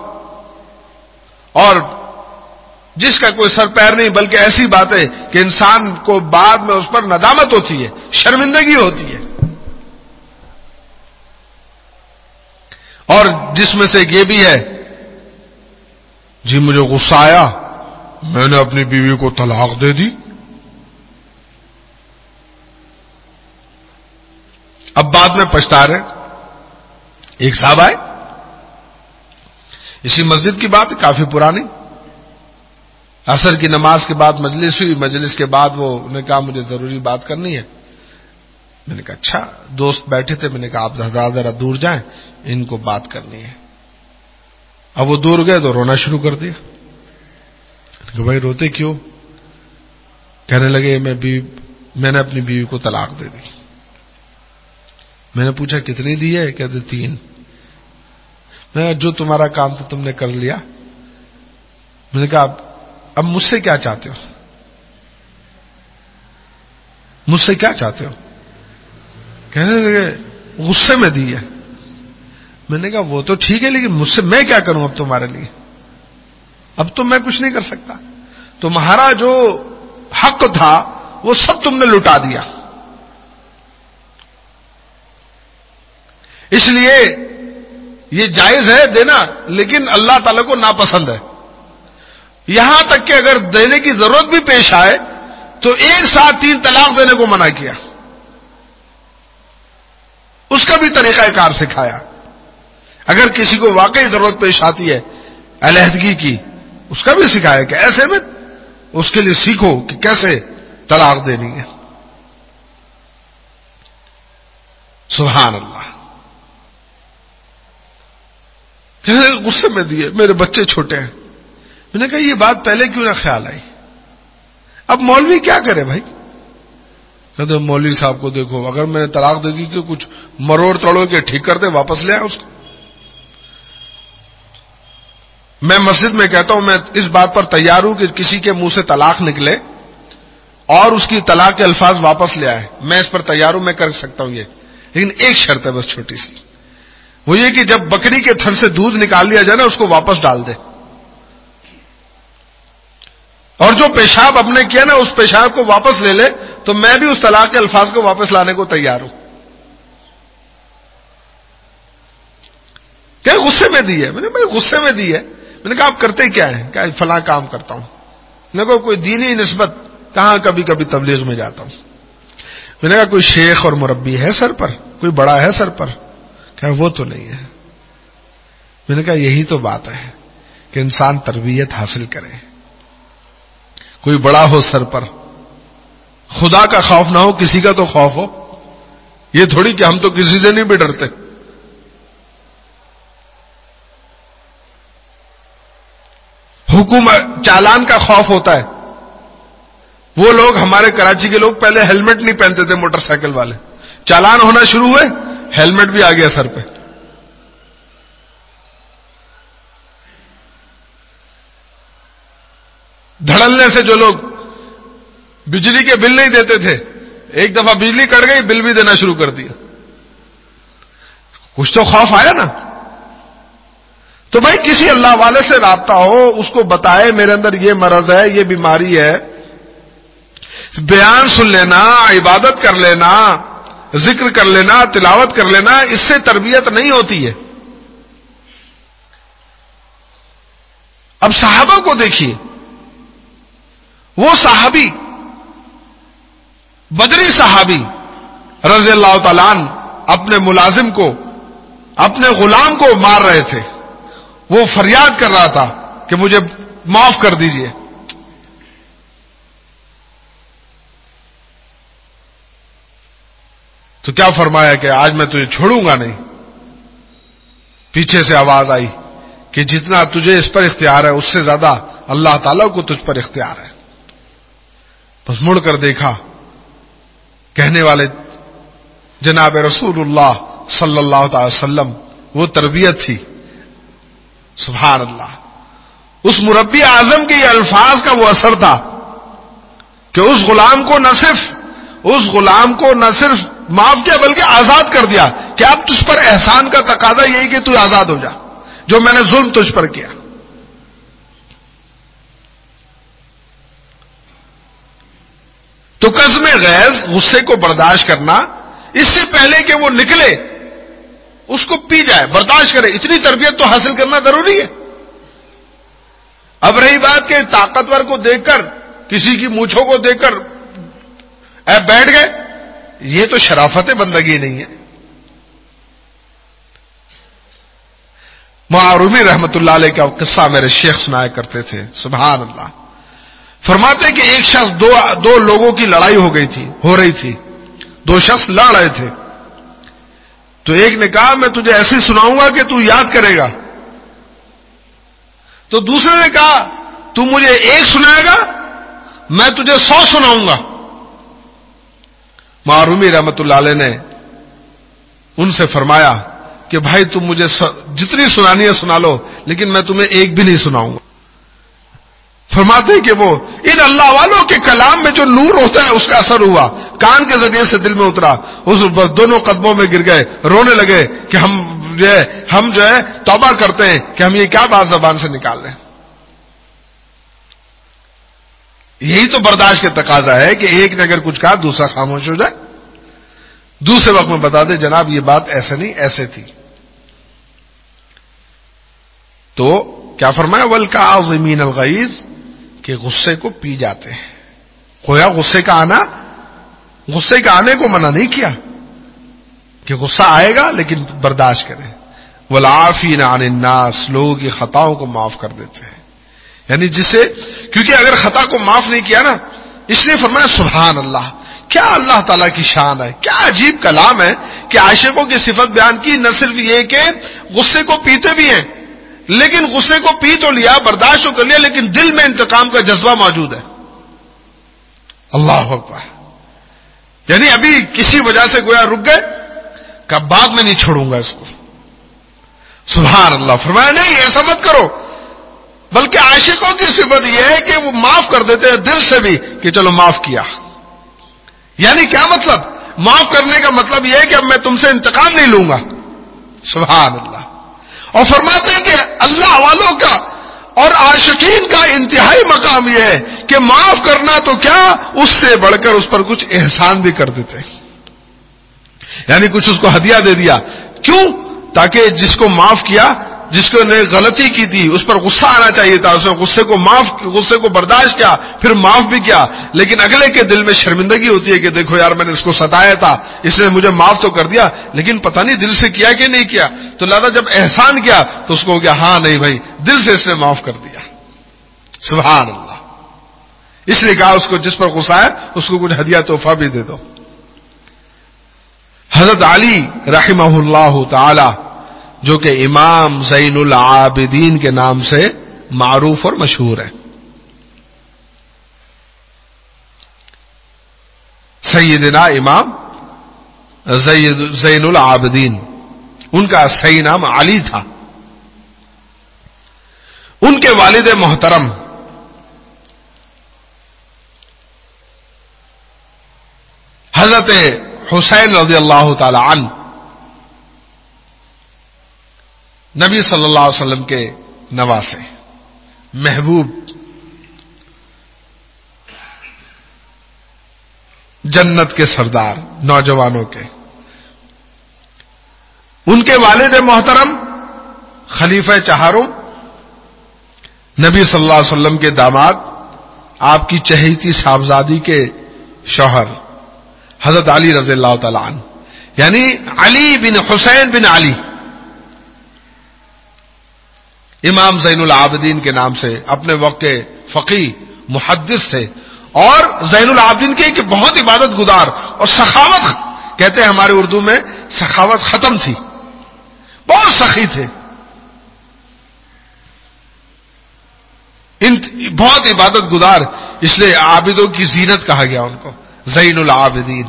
اور جس کا کوئی سر پیر نہیں بلکہ ایسی بات ہے کہ انسان کو بعد میں اس پر ندامت ہوتی ہے شرمندگی ہوتی ہے اور جس میں سے یہ بھی ہے جی مجھے غصہ آیا میں نے اپنی بیوی کو طلاق دے دی اب بعد میں پچھتا رہے ایک صاحب آئے اسی مسجد کی بات کافی پرانی عصر کی نماز کے بعد مجلس ہوئی مجلس کے بعد وہ نے کہا مجھے ضروری بات کرنی ہے میں نے کہا اچھا دوست بیٹھے تھے میں نے کہا آپ ذرا دور جائیں ان کو بات کرنی ہے اب وہ دور گئے تو رونا شروع کر دیا کہ بھائی روتے کیوں کہنے لگے میں میں نے اپنی بیوی کو طلاق دے دی میں نے پوچھا کتنی دی ہے کہتے تین میں جو تمہارا کام تھا تم نے کر لیا میں نے کہا اب مجھ سے کیا چاہتے ہو مجھ سے کیا چاہتے ہو کہنے لگے غصے میں دی ہے میں نے کہا وہ تو ٹھیک ہے لیکن مجھ سے میں کیا کروں اب تمہارے لیے اب تو میں کچھ نہیں کر سکتا تمہارا جو حق تھا وہ سب تم نے لٹا دیا اس لیے یہ جائز ہے دینا لیکن اللہ تعالی کو ناپسند ہے یہاں تک کہ اگر دینے کی ضرورت بھی پیش آئے تو ایک ساتھ تین طلاق دینے کو منع کیا اس کا بھی طریقہ کار سکھایا اگر کسی کو واقعی ضرورت پیش آتی ہے علیحدگی کی اس کا بھی سکھایا کہ ایسے میں اس کے لیے سیکھو کہ کیسے طلاق دینی ہے سبحان اللہ غصے میں دیے میرے بچے چھوٹے ہیں میں نے کہا یہ بات پہلے کیوں نہ خیال آئی اب مولوی کیا کرے بھائی مولوی صاحب کو دیکھو اگر میں نے طلاق دے دی تو کچھ مروڑ تڑو کے ٹھیک کر دے واپس لے آئے اس کو میں مسجد میں کہتا ہوں میں اس بات پر تیار ہوں کہ کسی کے منہ سے طلاق نکلے اور اس کی طلاق کے الفاظ واپس لے آئے میں اس پر تیار ہوں میں کر سکتا ہوں یہ لیکن ایک شرط ہے بس چھوٹی سی وہ یہ کہ جب بکری کے تھر سے دودھ نکال لیا جائے نا اس کو واپس ڈال دے اور جو پیشاب اپنے کیا نا اس پیشاب کو واپس لے لے تو میں بھی اس طلاق کے الفاظ کو واپس لانے کو تیار ہوں کہ غصے میں دی ہے میں نے بھائی غصے میں دی ہے میں نے کہا آپ کرتے کیا ہیں کیا فلاں کام کرتا ہوں میں نے کہا کوئی دینی نسبت کہاں کبھی کبھی تبلیغ میں جاتا ہوں میں نے کہا کوئی شیخ اور مربی ہے سر پر کوئی بڑا ہے سر پر کہا وہ تو نہیں ہے میں نے کہا یہی تو بات ہے کہ انسان تربیت حاصل کرے کوئی بڑا ہو سر پر خدا کا خوف نہ ہو کسی کا تو خوف ہو یہ تھوڑی کہ ہم تو کسی سے نہیں بھی ڈرتے حکومت چالان کا خوف ہوتا ہے وہ لوگ ہمارے کراچی کے لوگ پہلے ہیلمٹ نہیں پہنتے تھے موٹر سائیکل والے چالان ہونا شروع ہوئے ہیلمٹ بھی آ گیا سر پہ دھڑلنے سے جو لوگ بجلی کے بل نہیں دیتے تھے ایک دفعہ بجلی کٹ گئی بل بھی دینا شروع کر دیا کچھ تو خوف آیا نا تو بھائی کسی اللہ والے سے رابطہ ہو اس کو بتائے میرے اندر یہ مرض ہے یہ بیماری ہے بیان سن لینا عبادت کر لینا ذکر کر لینا تلاوت کر لینا اس سے تربیت نہیں ہوتی ہے اب صحابہ کو دیکھیے وہ صحابی بدری صحابی رضی اللہ عنہ اپنے ملازم کو اپنے غلام کو مار رہے تھے وہ فریاد کر رہا تھا کہ مجھے معاف کر دیجئے تو کیا فرمایا کہ آج میں تجھے چھوڑوں گا نہیں پیچھے سے آواز آئی کہ جتنا تجھے اس پر اختیار ہے اس سے زیادہ اللہ تعالیٰ کو تجھ پر اختیار ہے مڑ کر دیکھا کہنے والے جناب رسول اللہ صلی اللہ تعالی وسلم وہ تربیت تھی سبحان اللہ اس مربی اعظم کے الفاظ کا وہ اثر تھا کہ اس غلام کو نہ صرف اس غلام کو نہ صرف معاف کیا بلکہ آزاد کر دیا کہ اب تجھ پر احسان کا تقاضا یہی کہ تو آزاد ہو جا جو میں نے ظلم تجھ پر کیا تو قزم غیظ غصے کو برداشت کرنا اس سے پہلے کہ وہ نکلے اس کو پی جائے برداشت کرے اتنی تربیت تو حاصل کرنا ضروری ہے اب رہی بات کہ طاقتور کو دیکھ کر کسی کی مونچھوں کو دیکھ کر اے بیٹھ گئے یہ تو شرافت بندگی نہیں ہے معروبی رحمت اللہ علیہ کا قصہ میرے شیخ سنایا کرتے تھے سبحان اللہ فرماتے کہ ایک شخص دو دو لوگوں کی لڑائی ہو گئی تھی ہو رہی تھی دو شخص لڑ رہے تھے تو ایک نے کہا میں تجھے ایسی سناؤں گا کہ تو یاد کرے گا تو دوسرے نے کہا تو مجھے ایک سنائے گا میں تجھے سو سناؤں گا معرومی رحمت اللہ علیہ نے ان سے فرمایا کہ بھائی تم مجھے جتنی سنانی ہے سنا لو لیکن میں تمہیں ایک بھی نہیں سناؤں گا فرماتے کہ وہ ان اللہ والوں کے کلام میں جو نور ہوتا ہے اس کا اثر ہوا کان کے ذریعے سے دل میں اترا اس پر دونوں قدموں میں گر گئے رونے لگے کہ ہم جو ہے ہم جو ہے توبہ کرتے ہیں کہ ہم یہ کیا بات زبان سے نکال رہے ہیں یہی تو برداشت کے تقاضا ہے کہ ایک نے اگر کچھ کہا دوسرا خاموش ہو جائے دوسرے وقت میں بتا دے جناب یہ بات ایسے نہیں ایسے تھی تو کیا فرمایا ول کا زمین الغیز کہ غصے کو پی جاتے ہیں کویا غصے کا آنا غصے کا آنے کو منع نہیں کیا کہ غصہ آئے گا لیکن برداشت کرے ولافین خطاؤں کو معاف کر دیتے ہیں یعنی جسے کیونکہ اگر خطا کو معاف نہیں کیا نا اس نے فرمایا سبحان اللہ کیا اللہ تعالیٰ کی شان ہے کیا عجیب کلام ہے کہ عاشقوں کی صفت بیان کی نہ صرف یہ کہ غصے کو پیتے بھی ہیں لیکن غصے کو پی تو لیا برداشت تو کر لیا لیکن دل میں انتقام کا جذبہ موجود ہے اللہ یعنی ابھی کسی وجہ سے گویا رک گئے کہ بعد میں نہیں چھوڑوں گا اس کو سبحان اللہ فرمایا نہیں ایسا مت کرو بلکہ عاشقوں کی صفت یہ ہے کہ وہ معاف کر دیتے ہیں دل سے بھی کہ چلو معاف کیا یعنی کیا مطلب معاف کرنے کا مطلب یہ ہے کہ اب میں تم سے انتقام نہیں لوں گا سبحان اللہ اور فرماتے ہیں کہ اللہ والوں کا اور عاشقین کا انتہائی مقام یہ ہے کہ معاف کرنا تو کیا اس سے بڑھ کر اس پر کچھ احسان بھی کر دیتے ہیں یعنی کچھ اس کو ہدیہ دے دیا کیوں تاکہ جس کو معاف کیا جس کو نے غلطی کی تھی اس پر غصہ آنا چاہیے تھا اس نے غصے کو معاف غصے کو برداشت کیا پھر معاف بھی کیا لیکن اگلے کے دل میں شرمندگی ہوتی ہے کہ دیکھو یار میں نے اس کو ستایا تھا اس نے مجھے معاف تو کر دیا لیکن پتہ نہیں دل سے کیا کہ نہیں کیا تو لادا جب احسان کیا تو اس کو کیا ہاں نہیں بھائی دل سے اس نے معاف کر دیا سبحان اللہ اس نے کہا اس کو جس پر غصہ ہے اس کو کچھ ہدیہ تحفہ بھی دے دو حضرت علی رحمہ اللہ تعالی جو کہ امام زین العابدین کے نام سے معروف اور مشہور ہے سیدنا امام زین العابدین ان کا صحیح نام علی تھا ان کے والد محترم حضرت حسین رضی اللہ تعالی عنہ نبی صلی اللہ علیہ وسلم کے نواسے محبوب جنت کے سردار نوجوانوں کے ان کے والد محترم خلیفہ چہاروں نبی صلی اللہ علیہ وسلم کے داماد آپ کی چہیتی صاحبزادی کے شوہر حضرت علی رضی اللہ تعالی عنہ یعنی علی بن حسین بن علی امام زین العابدین کے نام سے اپنے وقت کے فقی محدث تھے اور زین العابدین کے ایک بہت عبادت گزار اور سخاوت کہتے ہیں ہمارے اردو میں سخاوت ختم تھی بہت سخی تھے بہت عبادت گزار اس لیے عابدوں کی زینت کہا گیا ان کو زین العابدین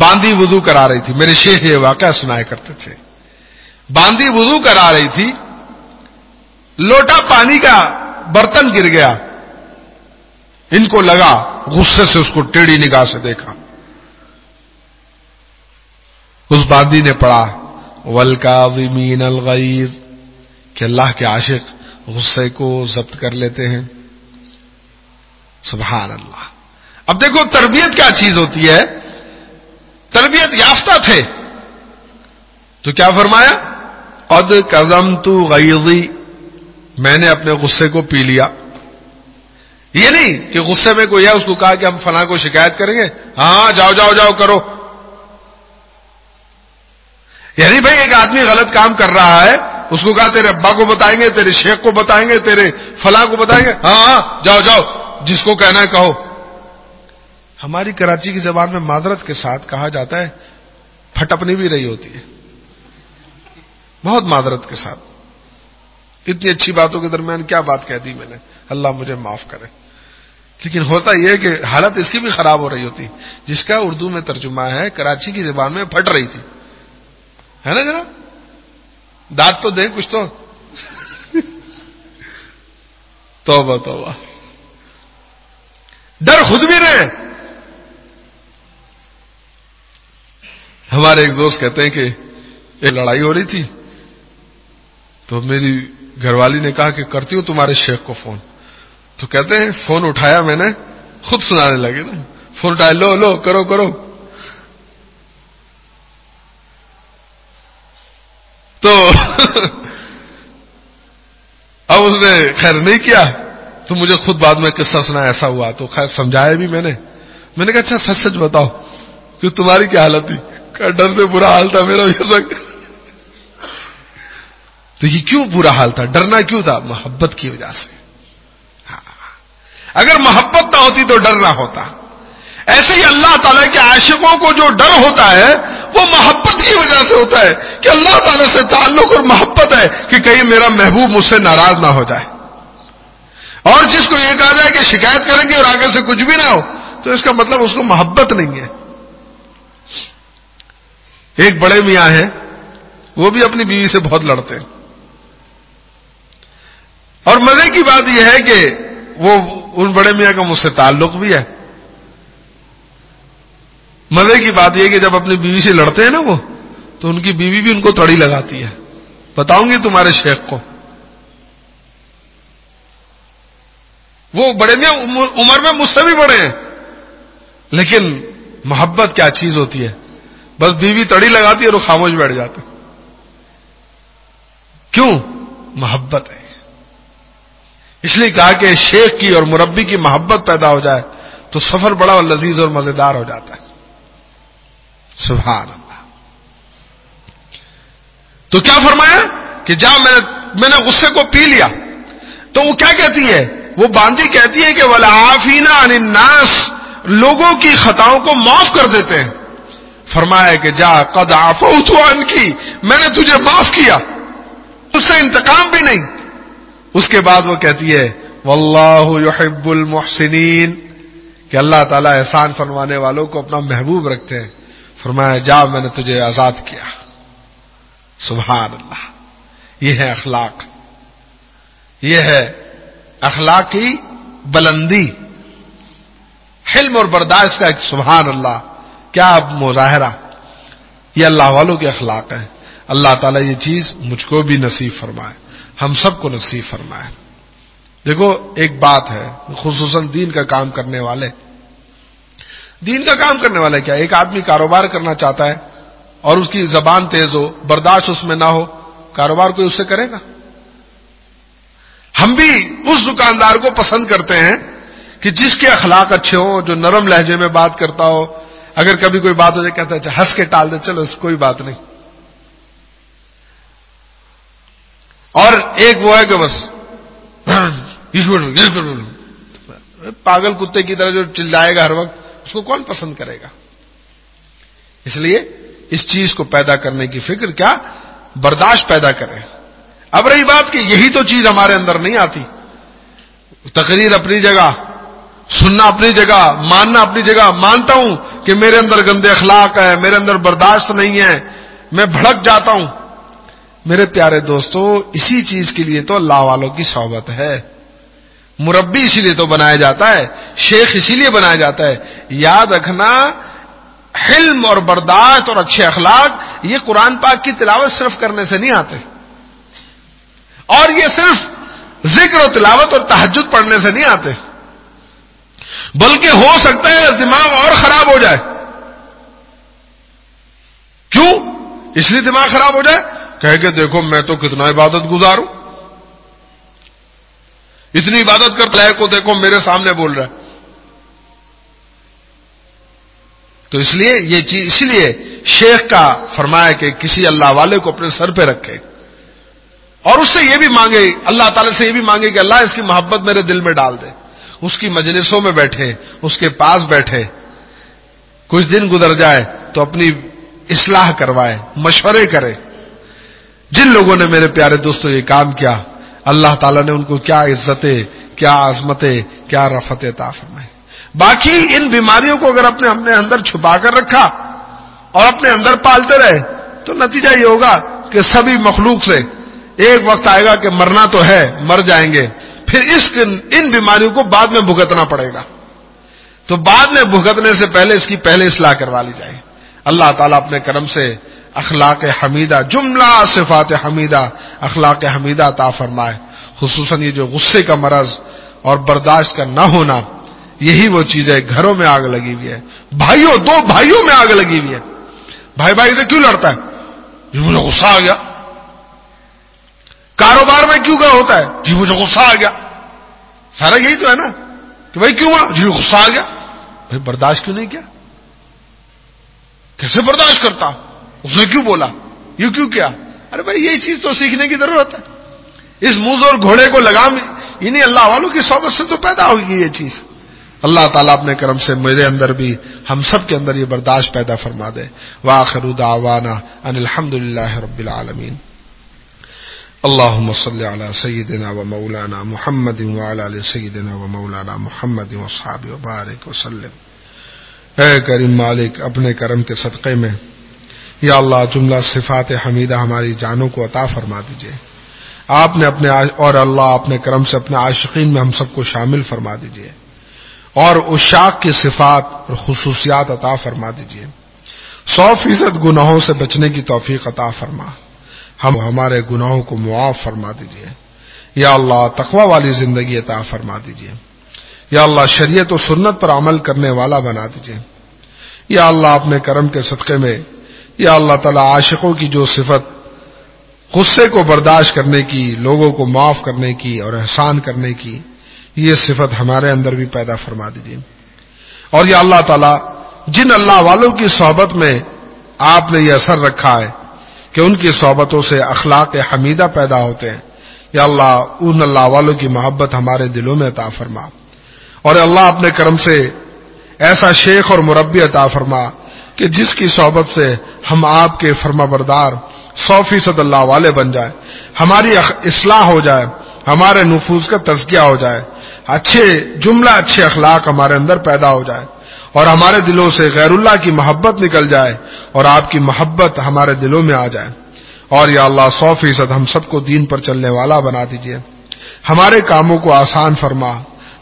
باندی وضو کرا رہی تھی میرے شیخ یہ واقعہ سنایا کرتے تھے باندی وضو کرا رہی تھی لوٹا پانی کا برتن گر گیا ان کو لگا غصے سے اس کو ٹیڑھی نگاہ سے دیکھا اس باندی نے پڑھا ولکا الغیظ الغیر کہ اللہ کے عاشق غصے کو ضبط کر لیتے ہیں سبحان اللہ اب دیکھو تربیت کیا چیز ہوتی ہے تربیت یافتہ تھے تو کیا فرمایا قد کزم تو غیضی میں نے اپنے غصے کو پی لیا یہ نہیں کہ غصے میں کوئی ہے اس کو کہا کہ ہم فلاں کو شکایت کریں گے ہاں جاؤ جاؤ جاؤ کرو یعنی بھائی ایک آدمی غلط کام کر رہا ہے اس کو کہا تیرے ابا کو بتائیں گے تیرے شیخ کو بتائیں گے تیرے فلاں کو بتائیں گے ہاں ہاں جاؤ جاؤ جس کو کہنا ہے کہو ہماری کراچی کی زبان میں معذرت کے ساتھ کہا جاتا ہے پھٹپنی بھی رہی ہوتی ہے بہت معذرت کے ساتھ اتنی اچھی باتوں کے درمیان کیا بات کہہ دی میں نے اللہ مجھے معاف کرے لیکن ہوتا یہ کہ حالت اس کی بھی خراب ہو رہی ہوتی جس کا اردو میں ترجمہ ہے کراچی کی زبان میں پھٹ رہی تھی ہے نا جناب دانت تو دیں کچھ تو توبہ ڈر خود بھی رہے ہمارے ایک دوست کہتے ہیں کہ یہ لڑائی ہو رہی تھی تو میری گھر والی نے کہا کہ کرتی ہوں تمہارے شیخ کو فون تو کہتے ہیں فون اٹھایا میں نے خود سنانے لگے نا فون اٹھایا لو لو کرو کرو تو اب اس نے خیر نہیں کیا تو مجھے خود بعد میں قصہ سنا ایسا ہوا تو خیر سمجھایا بھی میں نے میں نے کہا اچھا سچ سچ بتاؤ کہ تمہاری کیا حالت تھی ڈر سے برا حال تھا میرا بھی تو یہ کیوں برا حال تھا ڈرنا کیوں تھا محبت کی وجہ سے ہاں۔ اگر محبت نہ ہوتی تو ڈر نہ ہوتا ایسے ہی اللہ تعالیٰ کے عاشقوں کو جو ڈر ہوتا ہے وہ محبت کی وجہ سے ہوتا ہے کہ اللہ تعالیٰ سے تعلق اور محبت ہے کہ کہیں میرا محبوب مجھ سے ناراض نہ ہو جائے اور جس کو یہ کہا جائے کہ شکایت کریں گے اور آگے سے کچھ بھی نہ ہو تو اس کا مطلب اس کو محبت نہیں ہے ایک بڑے میاں ہیں وہ بھی اپنی بیوی سے بہت لڑتے ہیں اور مزے کی بات یہ ہے کہ وہ ان بڑے میاں کا مجھ سے تعلق بھی ہے مزے کی بات یہ کہ جب اپنی بیوی سے لڑتے ہیں نا وہ تو ان کی بیوی بھی ان کو تڑی لگاتی ہے بتاؤں گی تمہارے شیخ کو وہ بڑے میاں عمر میں مجھ سے بھی بڑے ہیں لیکن محبت کیا چیز ہوتی ہے بس بیوی تڑی لگاتی ہے اور خاموش بیٹھ جاتے کیوں محبت ہے اس لیے کہا کہ شیخ کی اور مربی کی محبت پیدا ہو جائے تو سفر بڑا اور لذیذ اور مزیدار ہو جاتا ہے سبحان اللہ تو کیا فرمایا کہ جا میں نے غصے کو پی لیا تو وہ کیا کہتی ہے وہ باندھی کہتی ہے کہ والا الناس لوگوں کی خطاؤں کو معاف کر دیتے ہیں فرمایا کہ جا قد آفو ان کی میں نے تجھے معاف کیا اس سے انتقام بھی نہیں اس کے بعد وہ کہتی ہے واللہ یحب المحسنین کہ اللہ تعالیٰ احسان فرمانے والوں کو اپنا محبوب رکھتے ہیں فرمایا جا میں نے تجھے آزاد کیا سبحان اللہ یہ ہے اخلاق یہ ہے اخلاقی بلندی حلم اور برداشت کا ایک سبحان اللہ کیا اب مظاہرہ یہ اللہ والوں کے اخلاق ہیں اللہ تعالیٰ یہ چیز مجھ کو بھی نصیب فرمائے ہم سب کو نصیب فرمائے دیکھو ایک بات ہے خصوصاً دین کا کام کرنے والے دین کا کام کرنے والا کیا ایک آدمی کاروبار کرنا چاہتا ہے اور اس کی زبان تیز ہو برداشت اس میں نہ ہو کاروبار کوئی اس سے کرے گا ہم بھی اس دکاندار کو پسند کرتے ہیں کہ جس کے اخلاق اچھے ہوں جو نرم لہجے میں بات کرتا ہو اگر کبھی کوئی بات ہو جائے کہتا ہے اچھا، ہنس کے ٹال دے چلو کوئی بات نہیں اور ایک وہ ہے کہ بس پاگل کتے کی طرح جو چلائے گا ہر وقت اس کو کون پسند کرے گا اس لیے اس چیز کو پیدا کرنے کی فکر کیا برداشت پیدا کرے اب رہی بات کہ یہی تو چیز ہمارے اندر نہیں آتی تقریر اپنی جگہ سننا اپنی جگہ ماننا اپنی جگہ مانتا ہوں کہ میرے اندر گندے اخلاق ہے میرے اندر برداشت نہیں ہے میں بھڑک جاتا ہوں میرے پیارے دوستو اسی چیز کے لیے تو اللہ والوں کی صحبت ہے مربی اسی لیے تو بنایا جاتا ہے شیخ اسی لیے بنایا جاتا ہے یاد رکھنا حلم اور برداشت اور اچھے اخلاق یہ قرآن پاک کی تلاوت صرف کرنے سے نہیں آتے اور یہ صرف ذکر و تلاوت اور تحجد پڑھنے سے نہیں آتے بلکہ ہو سکتا ہے دماغ اور خراب ہو جائے کیوں اس لیے دماغ خراب ہو جائے کہہ کے دیکھو میں تو کتنا عبادت گزار ہوں اتنی عبادت کر لائے کو دیکھو میرے سامنے بول رہا ہے تو اس لیے یہ چیز اس لیے شیخ کا فرمایا کہ کسی اللہ والے کو اپنے سر پہ رکھے اور اس سے یہ بھی مانگے اللہ تعالی سے یہ بھی مانگے کہ اللہ اس کی محبت میرے دل میں ڈال دے اس کی مجلسوں میں بیٹھے اس کے پاس بیٹھے کچھ دن گزر جائے تو اپنی اصلاح کروائے مشورے کرے جن لوگوں نے میرے پیارے دوستوں یہ کام کیا اللہ تعالیٰ نے ان کو کیا عزتیں کیا عظمتیں کیا رفت ان بیماریوں کو اگر اپنے ہم نے اندر چھپا کر رکھا اور اپنے اندر پالتے رہے تو نتیجہ یہ ہوگا کہ سبھی مخلوق سے ایک وقت آئے گا کہ مرنا تو ہے مر جائیں گے پھر اس ان بیماریوں کو بعد میں بھگتنا پڑے گا تو بعد میں بھگتنے سے پہلے اس کی پہلے اصلاح کروا لی جائے اللہ تعالیٰ اپنے کرم سے اخلاق حمیدہ جملہ صفات حمیدہ اخلاق حمیدہ تا فرمائے خصوصاً یہ جو غصے کا مرض اور برداشت کا نہ ہونا یہی وہ چیز ہے گھروں میں آگ لگی ہوئی ہے بھائیوں دو بھائیوں میں آگ لگی ہوئی ہے بھائی بھائی سے کیوں لڑتا ہے جی مجھے غصہ آ گیا کاروبار میں کیوں کیا ہوتا ہے جی مجھے غصہ آ گیا سارا یہی تو ہے نا کہ بھائی کیوں جی غصہ آ گیا بھائی برداشت کیوں نہیں کیا کیسے برداشت کرتا ہوں اس نے کیوں بولا یہ کیوں کیا ارے بھائی یہ چیز تو سیکھنے کی ضرورت ہے اس موز اور گھوڑے کو لگام انہیں یعنی اللہ والوں کی صحبت سے تو پیدا ہوگی یہ چیز اللہ تعالیٰ اپنے کرم سے میرے اندر بھی ہم سب کے اندر یہ برداشت پیدا فرما دے واخر ان الحمد للہ رب العالمین اللہ سید و مولانا محمد مولانا محمد بارک وسلم اے کریم مالک اپنے کرم کے صدقے میں یا اللہ جملہ صفات حمیدہ ہماری جانوں کو عطا فرما دیجئے آپ نے اپنے اور اللہ اپنے کرم سے اپنے عاشقین میں ہم سب کو شامل فرما دیجئے اور اشاق کی صفات اور خصوصیات عطا فرما دیجئے سو فیصد گناہوں سے بچنے کی توفیق عطا فرما ہم ہمارے گناہوں کو معاف فرما دیجئے یا اللہ تقوی والی زندگی عطا فرما دیجئے یا اللہ شریعت و سنت پر عمل کرنے والا بنا دیجئے یا اللہ اپنے کرم کے صدقے میں یا اللہ تعالیٰ عاشقوں کی جو صفت غصے کو برداشت کرنے کی لوگوں کو معاف کرنے کی اور احسان کرنے کی یہ صفت ہمارے اندر بھی پیدا فرما دیجیے اور یا اللہ تعالیٰ جن اللہ والوں کی صحبت میں آپ نے یہ اثر رکھا ہے کہ ان کی صحبتوں سے اخلاق حمیدہ پیدا ہوتے ہیں یا اللہ ان اللہ والوں کی محبت ہمارے دلوں میں عطا فرما اور اللہ اپنے کرم سے ایسا شیخ اور مربی عطا فرما کہ جس کی صحبت سے ہم آپ کے فرما بردار سو فیصد اللہ والے بن جائے ہماری اصلاح ہو جائے ہمارے نفوذ کا تزکیہ ہو جائے اچھے جملہ اچھے اخلاق ہمارے اندر پیدا ہو جائے اور ہمارے دلوں سے غیر اللہ کی محبت نکل جائے اور آپ کی محبت ہمارے دلوں میں آ جائے اور یا اللہ سو فیصد ہم سب کو دین پر چلنے والا بنا دیجیے ہمارے کاموں کو آسان فرما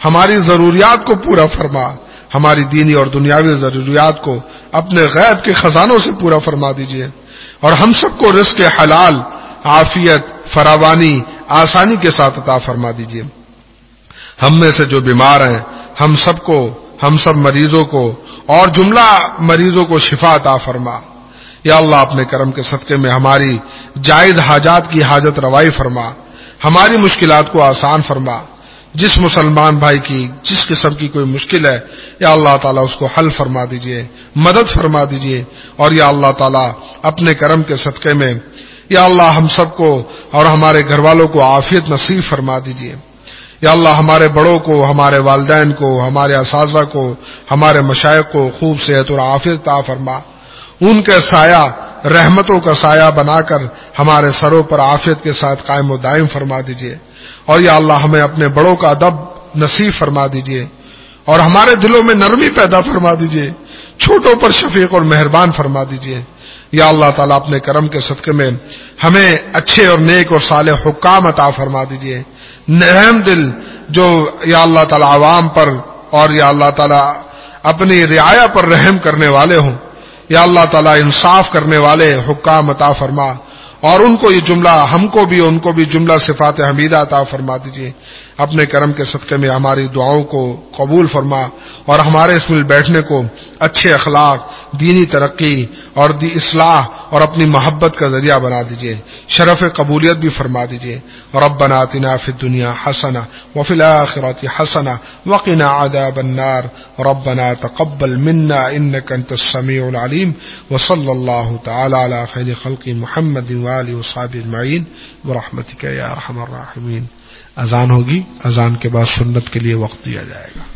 ہماری ضروریات کو پورا فرما ہماری دینی اور دنیاوی ضروریات کو اپنے غیب کے خزانوں سے پورا فرما دیجیے اور ہم سب کو رزق حلال عافیت فراوانی آسانی کے ساتھ عطا فرما دیجیے ہم میں سے جو بیمار ہیں ہم سب کو ہم سب مریضوں کو اور جملہ مریضوں کو شفا عطا فرما یا اللہ اپنے کرم کے صدقے میں ہماری جائز حاجات کی حاجت روائی فرما ہماری مشکلات کو آسان فرما جس مسلمان بھائی کی جس قسم کی کوئی مشکل ہے یا اللہ تعالیٰ اس کو حل فرما دیجئے مدد فرما دیجئے اور یا اللہ تعالیٰ اپنے کرم کے صدقے میں یا اللہ ہم سب کو اور ہمارے گھر والوں کو آفیت نصیب فرما دیجئے یا اللہ ہمارے بڑوں کو ہمارے والدین کو ہمارے اساتذہ کو ہمارے مشائق کو خوب صحت اور آفیت تا فرما ان کا سایہ رحمتوں کا سایہ بنا کر ہمارے سروں پر آفیت کے ساتھ قائم و دائم فرما دیجئے اور یا اللہ ہمیں اپنے بڑوں کا ادب نصیب فرما دیجئے اور ہمارے دلوں میں نرمی پیدا فرما دیجئے چھوٹوں پر شفیق اور مہربان فرما دیجئے یا اللہ تعالیٰ اپنے کرم کے صدقے میں ہمیں اچھے اور نیک اور صالح حکام عطا فرما دیجئے نرم دل جو یا اللہ تعالیٰ عوام پر اور یا اللہ تعالیٰ اپنی رعایا پر رحم کرنے والے ہوں یا اللہ تعالیٰ انصاف کرنے والے حکام عطا فرما اور ان کو یہ جملہ ہم کو بھی ان کو بھی جملہ صفات حمیدہ عطا فرما دیجیے اپنے کرم کے صدقے میں ہماری دعاؤں کو قبول فرما اور ہمارے اس مل بیٹھنے کو اچھے اخلاق دینی ترقی اور دی اصلاح اور اپنی محبت کا ذریعہ بنا دیجیے شرف قبولیت بھی فرما دیجیے اور اب بنا فی دنیا حسنا الاخرات حسنا وقین آدا بنار اور اب بنا تا من کنتمی و صلی اللہ خلق محمد اذان ہوگی اذان کے بعد سنت کے لیے وقت دیا جائے گا